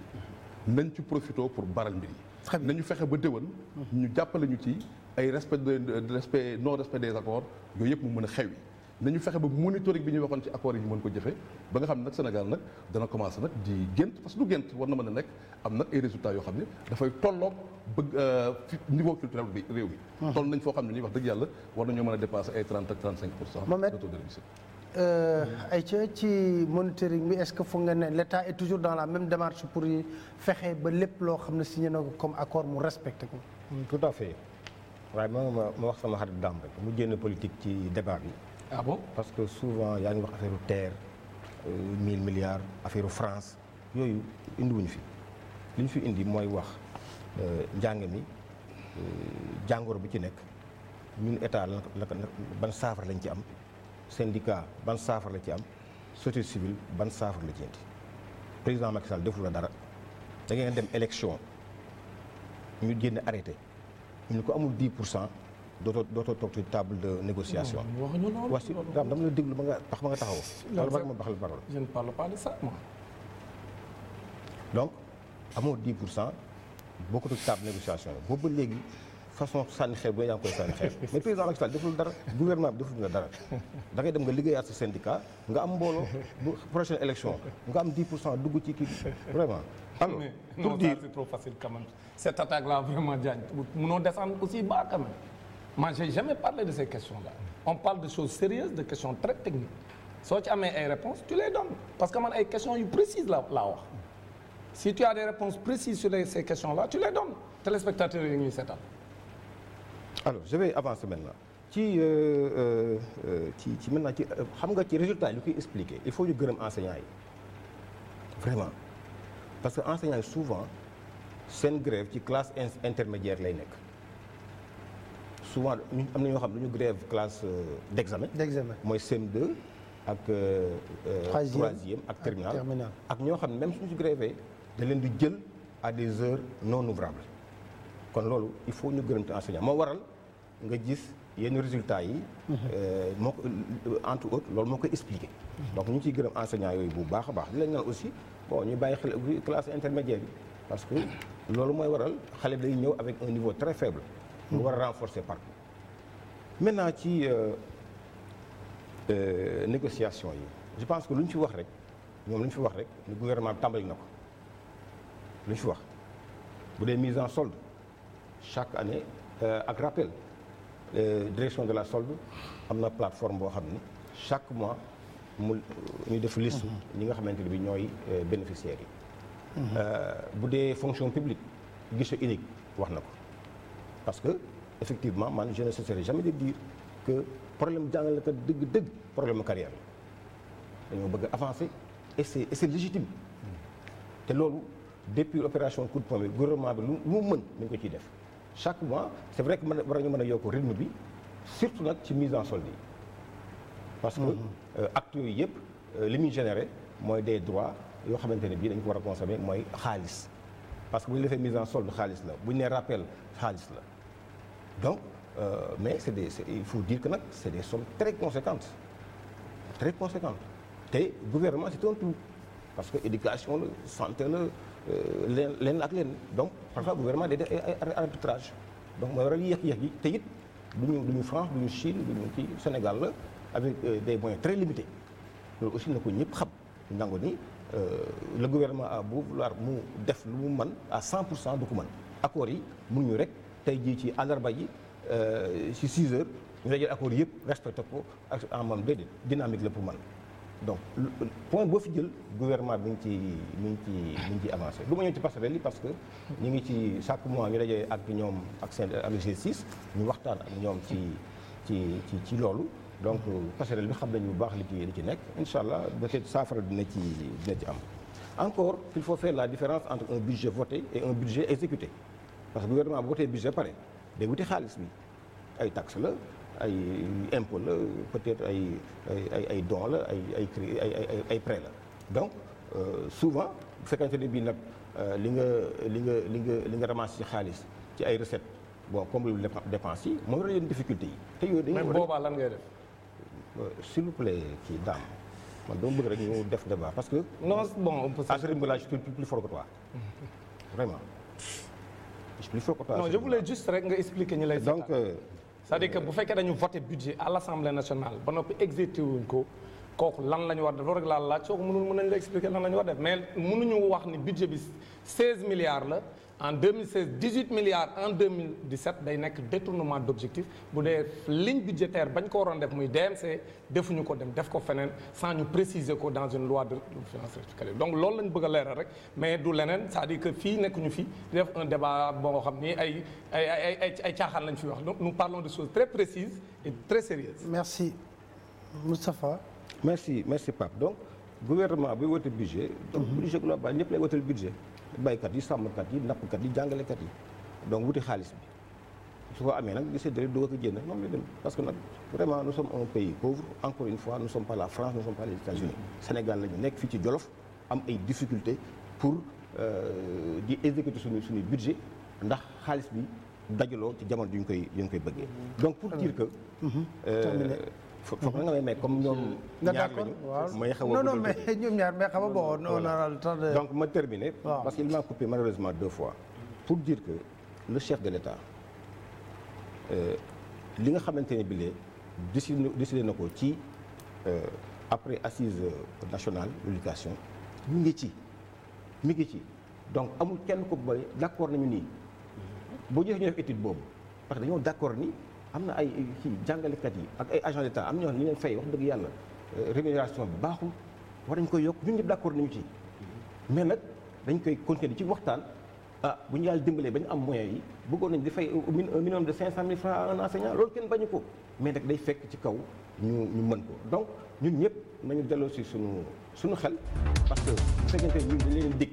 yi nañ ci profitoo pour baral mbir yi nañu fexe ba déwén ñu jàppale ñu ci ay respect de respect non respect des accords yooyu yëpp mu mën a xew nañu fexe ba monitoring bi ñu waxoon ci accords yi ñu mën ko jëfee ba nga xam ne nag Sénégal nag dana commencé nag di gént parce que du gént war na mën a nekk am nag ay résultats yoo xam ne dafay tolloog bëgg euh, niveau culturel bi réew mi. toll Euh, Aïcha ci monitoring bi est-ce que foo nga ne l'État est toujours dans la même démarche pour fexe ba lépp loo xam ne signé na ko comme accord mu respecté ko. Mm, tout à fait waaye ma ma wax sama xarit Dame rek mu génn politique ci débat bi. Ah parce que souvent yaa ngi wax affaire terre euh, mille milliards affaire France yooyu indiwuñu fi li fi indi mooy wax euh, njàng mi jàngoro bi ci nekk ñun état la ban saafara lañ ci am. syndicat ban saafara la ci am société civile ban saafara la ci indi président Macky Sall deful la dara da ngeen dem élection ñu génn arrêté ñu ko amul 10 pour cent dootoo dootoo toog ci table de négociation. waxuñu loolu wax si dama la déglu ba nga tax ba nga taxaw. loolu rek ma baxal parole. je ne parle pas de donc amoo 10 pour cent bokkatu table négociation la boobu ba léegi. façon sànni xeer bu ne yaa ngi koy sànni xeer mais président Macky Sall deful dara gouvernement bi deful na dara da ngay dem nga liggéeyaat sa syndicat nga am mbooloo bu prochaine élection nga am 10 ci kii vraiment. alors pour dire non ça c'est trop facile quand descendre aussi bas quand même jamais parlé de ces questions là on parle de choses sérieuses de questions très techniques soo ci amee ay réponses tu les donnes parce que man ay questions yu précises la laa wax si tu as des réponses alors je vais avancer maintenant ci euh, euh, euh, ci ci maintenant ci xam nga ci résultat yi lu koy expliquer il faut ñu gërëm enseignants yi parce que enseignants yi souvent seen grève ci classe intermédiaire lay nekk souvent ñu am na ñoo xam ne ñu grève classe d'examen. d'examen mooy seen 2 ak. troisième ak terminal ak ñoo xam ne même suñu si grèvee da leen di jël à des heures non ouvrables kon loolu il faut ñu gërëm ci enseignants moo waral. nga gis yenn résultat yi. Mhm. Euh, moo ko entre autres loolu moo koy expliquer mhm. donc ñu ngi ciy gërëm enseignants yooyu bu baax a baax di lañ naan aussi bon ñu bàyyi xel classe intermédiaire bi parce que loolu mooy waral xale day ñëw avec un niveau très faible. mu mhm. war a renforcer partout. maintenant ci euh, euh, négociation yi je pense que lu ñu fi wax rek ñoom lu ñu fi wax rek le gouvernement tàmbali na ko lu ñu fi wax bu dee mise en solde chaque année ak rappel. Euh, direction de la solde am na plateforme boo xam ni chaque mois mu ñu def liste mhm. ñi nga xamante ne bi ñooy euh, bénéficiaires yi mhm. euh, bu dee fonction publique guichet unique wax na ko parce que effectivement man je ne jamais de dire que problème jàngalekat dëgg-dëgg problème carrière la dañoo bëgg avancé et c'est et légitime mhm. te loolu depuis opération coup de bi gouvernement bi lu mu mën mi ko ciy def chaque mois c'est vrai que mën war nañu mën a yokk rythme bi surtout nag ci mise en solde yi parce que mhm. euh, actes yooyu yëpp euh, li muy généré mooy des droits yoo xamante ne bii dañ ko war a consommer mooy xaalis parce que bu ñu defee mise en solde xaalis la bu ñu nee rappel xaalis la donc euh, mais c'est des c'est, il faut dire que nag c'est des sommes très conséquentes très conséquentes te gouvernement c'est un tout parce que éducation la santé la Euh, leen leen ak leen donc parfois gouvernement day def ay arbitrage donc mooy waral yéex-yéex gi te it du ñu du ñu France du ñu Chine du ñu ci Sénégal la avec euh, des moyens très limités loolu aussi na ko ñëpp xam nangu ni euh, le gouvernement a beau vouloir mu def lu mu man à 100 pour cent du ko mën accords yi mënuñu rek tey jii ci àllarba ji ci 6 heures ñu dajale accords yëpp respecté ko ak en moom déedéet dynamique la pour man donc point boo fi jël gouvernement bi ngi ci mu ngi ci mi ngi ci avancé du ma ñëw ci passerelle yi parce que ñu ngi ci chaque mois ñu dajee ak ñoom ak seen avec G6 ñu waxtaan ak ñoom ci ci ci ci loolu donc passerelle bi xam nañu bu baax li ci li ci nekk incha allah peut-être saafara dina ci dina ci am encore il faut faire la différence entre un budget voté et un budget exécuté parce que gouvernement bu voté budget pare day wuti xaalis bi ay taxes la ay impôt la peut-être ay ay ay don la ay ay ay ay prêt la donc euh, souvent bu fekkente ne bii nag euh, li nga li nga li nga li nga ramasse ci xaalis ci ay recettes bon comme lu dépense yi moo war a difficulté yi. te yooyu dañuy mais boobaa lan ngay def. Euh, s'il vous plaît kii daam man dama bëgg rek ñu def débat parce que. non bon on peut. à ce rythme-là je suis plus fort que toi vraiment. je plus fort que toi. non je voulais juste rek nga expliquer ñu lay. donc. c'est-à-dire bu fekkee dañu voté budget à l'Assemblée nationale ba noppi exécuté wuñ ko kooku lan la ñu war def loolu rek laa laaj soo ko mënul mën nañu la expliquer lan la ñu war def mais mënuñu wax ni budget bi 16 milliards la en 2016 18 milliards en 2017 day nekk détournement d' objectif bu dee ligne budgétaire bañ ko waroon def muy DMC defuñu ko dem def ko feneen sans ñu préciser ko dans une loi de finances rectificative donc loolu lañu bëgg a leeral rek mais du leneen c'est-à-dire que fii nekkuñu fi def un débat boo xam ni ay ay ay ay caaxaan lañ fi wax donc nous parlons de choses très précises et très sérieuses. merci Moustapha. merci merci Pape donc gouvernement bi wote mhm. ñëpp lay wotal budget. baykat yi sàmmkat yi nappkat yi jàngalekat yi donc wuti xaalis bi su ko amee nag di séddale dugg ak génn noonu la dem parce que nag vraiment nous sommes un pays pauvre encore une fois nous sommes pas la France nous sommes pas les Sénégal la ñu nekk fii ci Jolof am ay difficultés pour euh, di exécuter suñu suñu budget ndax xaalis bi dajaloo ci jamono ju ñu koy ju ñu bëggee donc pour dire que foog nga may may comme ñoom. ñaar lañu may xaw a non non mais ñoom mais xam nga bon on a le temps de. donc ma terminer. parce qu'il m'a coupé malheureusement deux fois. pour dire que le chef de l'État euh, li nga xamante ne bii décidé décidé na ko ci euh, après assise euh, nationale l'éducation mu ngi ci mi ngi ci donc amul kenn ko bëri d'accord nañu nii boo joxee ñu def étude boobu parce que dañoo d'accord nii am na ay kii jàngalekat yi ak ay agent d'état am ñoo xam ñu leen fay wax dëgg yàlla euh, rémunération bi baaxul war nañ koy yokk ñun ñëpp d'accord nañu ci mais nag dañ koy continuer ci waxtaan ah bu ñu yàlla dimbalee ba ñu am moyens yi bëggoon nañ di fay un minimum de 500000 francs à un enseignant loolu kenn bañu ko mais nag day fekk ci kaw ñu ñu mën ko donc ñun ñëpp nañu delloo si suñu sunu xel parce que bu fekkente leen dig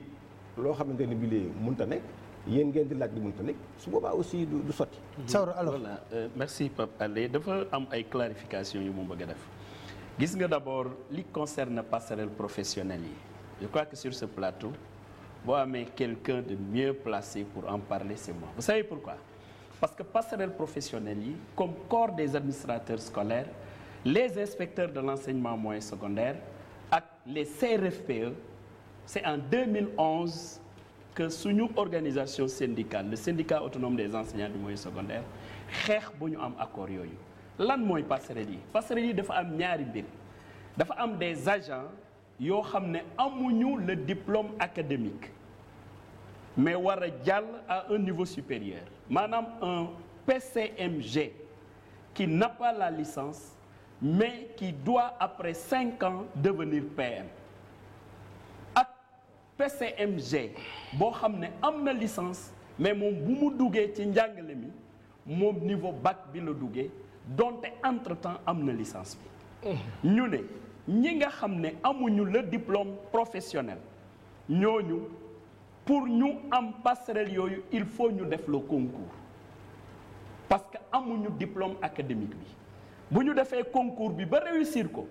loo xamante ne bii lee mënta nekk. yéen ngeen di laaj li mënta nekk su boobaa aussi du du sotti. Sawra euh, merci Pape dafa am ay clarification yu mu bëgg def gis nga d' abord li concerne passerelle professionnelle yi je crois que sur ce plateau boo amee quelqu'un de mieux placé pour en parler c' est moi vous savez pourquoi parce que passerelle professionnelle yi comme corps des administrateurs scolaires les inspecteurs de l' enseignement moyen secondaire ak les CRFPE c' e, est en 2011. que suñu organisation syndicale le syndicat autonome des enseignants du moyen secondaire xeex bu ñu am accord yooyu lan mooy passerelle yi passerelle yi dafa am ñaari mbir dafa am des agents yoo xam ne amuñu le diplôme académique mais war a jàll à un niveau supérieur maanaam un PCMG qui n'a pas la licence mais qui doit après cinq ans devenir PM PCMG boo xam ne am na licence mais moom bu mu duggee ci njàngale mi moom niveau bac bi la duggee donte entre temps am na licence bi. ñu ne ñi nga xam ne amuñu le diplôme professionnel ñooñu pour ñu am passerelle yooyu il faut ñu def le concours parce que amuñu diplôme académique bi bu ñu defee concours bi ba réussir ko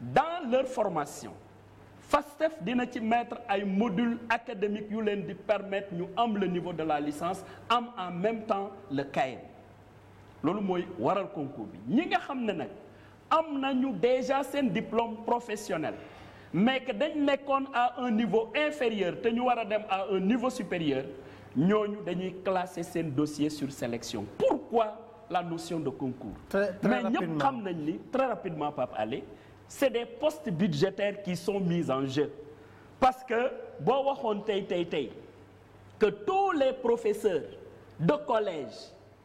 dans leur formation. FASTEF dina ci mettre ay module académique yu leen di permettre ñu am le niveau de la licence am en même temps le CAEM loolu mooy waral concours bi ñi nga xam ne nag am nañu déjà seen diplôme professionnel mais que dañ nekkoon à un niveau inférieur te ñu war a dem à un niveau supérieur ñooñu dañuy classer seen dossier sur sélection pourquoi la notion de concours très, mais ñëpp xam nañ ni très rapidement Pape Alé c'est des postes budgétaires qui sont mis en jeu parce que boo waxoon tey tey tey que tous les professeurs de collège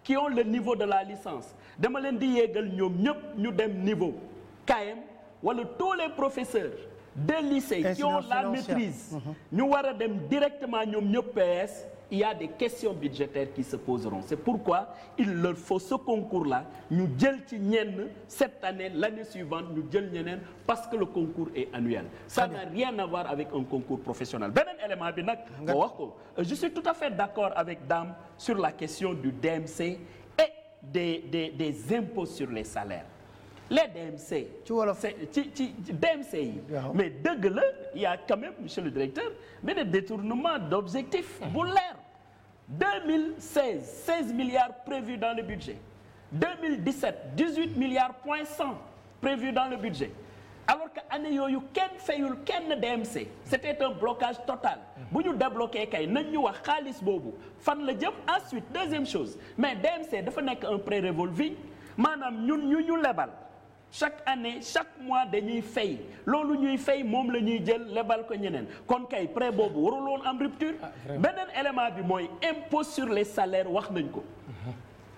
qui ont le niveau de la licence dama leen di yéegal ñoom ñëpp ñu dem niveau KM wala tous les professeurs de lycée qui ont la maîtrise mhm. ñu war a dem directement ñoom ñëpp PS il y a des questions budgétaires qui se poseront c'est pourquoi il leur faut ce concours là ñu jël ci ñenn cette année l'année suivante ñu jël ñeneen parce que le concours est annuel ça n'a rien à voir avec un concours professionnel beneen élément bi nag moo wax ko euh, je suis tout à fait d'accord avec Dame sur la question du DMC et des des des impôts sur les salaires les DMC. ci wolof ci ci DMC yi. mais dëgg la y' a quand même monsieur le directeur benn détournement d' objectif. bu leer 2016 16 milliards prévus dans le budget 2017 18 milliards point 100 prévus dans le budget alors que année yooyu kenn fayul kenn DMC. c' était un blocage total. bu ñu débloqué kay nañ ñu wax xaalis boobu fan la jëm ensuite deuxième chose mais DMC dafa nekk un prêt revolving maanaam ñun ñu ñu lebal. chaque année chaque mois dañuy fay loolu ñuy fay moom la ñuy jël lebal ko ñeneen kon kay prêt boobu warul woon am rupture ah, beneen élément bi mooy impôt sur les salaires wax nañ ko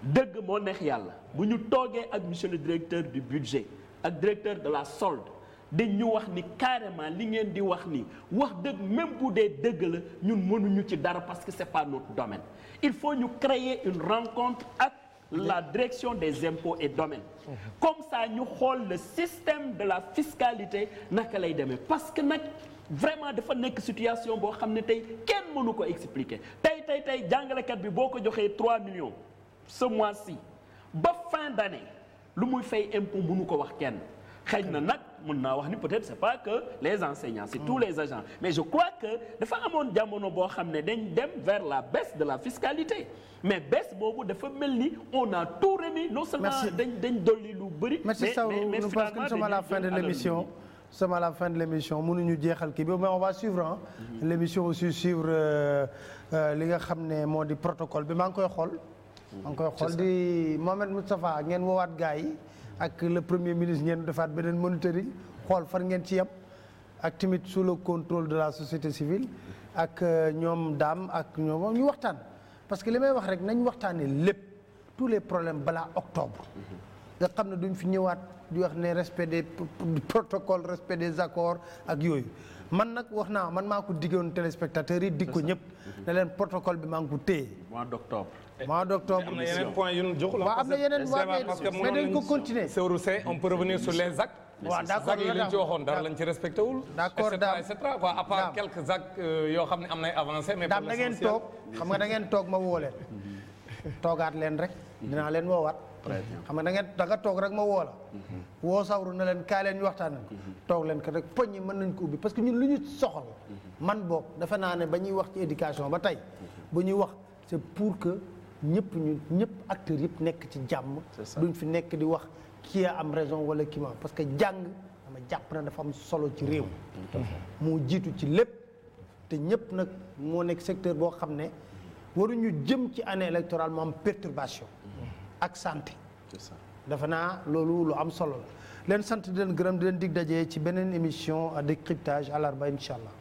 dëgg moo neex yàlla bu ñu toogee ak monsieur le directeur du budget ak directeur de la solde dañ ñu wax ni carrément li ngeen di wax ni wax dëgg même bu dee dëgg la ñun mënuñu ci dara parce que c'est pas notre domaine il faut ñu créer une rencontre ak la direction des impos et domaines. comme ça ñu xool le système de la fiscalité naka lay demee parce que nag vraiment dafa nekk situation boo xam ne tey kenn mënu ko expliquer tey tey tey jàngalekat bi boo ko joxee 3 millions ce mois si ba fin d'année lu muy fay impôt mënu ko wax kenn xëy na nag. mun naa wax ni peut-être c'est pas que les enseignants c'est les agents mais je crois que dafa amoon jamono boo xam ne dañ dem vers la baisse de la fiscalité mais baisse boobu dafa mel ni on a tout remis non seulement dañ dañ dolli lu bëri mais mais nous sommes à la fin de l'émission nous la fin de l'émission mënuñu jeexal ki bi mais on va suivre ah l'émission aussi suivre euh, euh, li nga xam ne moo di protocole bi maa ngi koy xool maa ngi koy xool di Mohamed Moustapha ngeen woowaat gars yi ak le premier ministre ngeen defaat beneen monitoring xool far ngeen ci yem ak tamit sous le contrôle de la société civile ak euh, ñoom daam ak ñoom ñu waxtaan parce que li may wax rek nañ waxtaanee lépp tous les problèmes balaa octobre nga xam ne duñ fi ñëwaat di wax ne respect des protocoles respect des accords ak yooyu man nag wax naa man maa ko diggoon téléspectateurs yi dig ko ñëpp ne leen protocole bi maa ngi ko téye mois d'octobre mois d'octobre am na yeneen point yu ñu joxul waaw am na yeneen mais dañ ko continuer Seydou Seye on peut revenir sur les actes yoo xam ne am nay avancé mais daam da ngeen toog xam nga da ngeen toog ma woo toogaat leen rek dinaa leen woo woowaat xam nga da ngeen da toog rek ma woola woo sawru na leen kaay leen ñu waxtaan toog leen ko rek poñ yi mën nañ ko ubbi parce que ñun lu ñu soxal man boog defe naa ne ba ñuy wax ci éducation ba tey ba ñuy wax c'est pour que ñëpp ñu ñëpp acteurs yëpp nekk ci jàmm. duñ fi nekk di wax kii am raison wala kii ma parce que jàng dama jàpp na dafa am solo ci réew. moo jiitu ci lépp. te ñëpp nag moo nekk secteur boo xam ne waruñu jëm ci année électorale mu am perturbation. ak santé. dafa naa loolu lu am solo la. leen sant di leen gërëm di leen dig dajee ci beneen émission décryptage àllarba incha allah.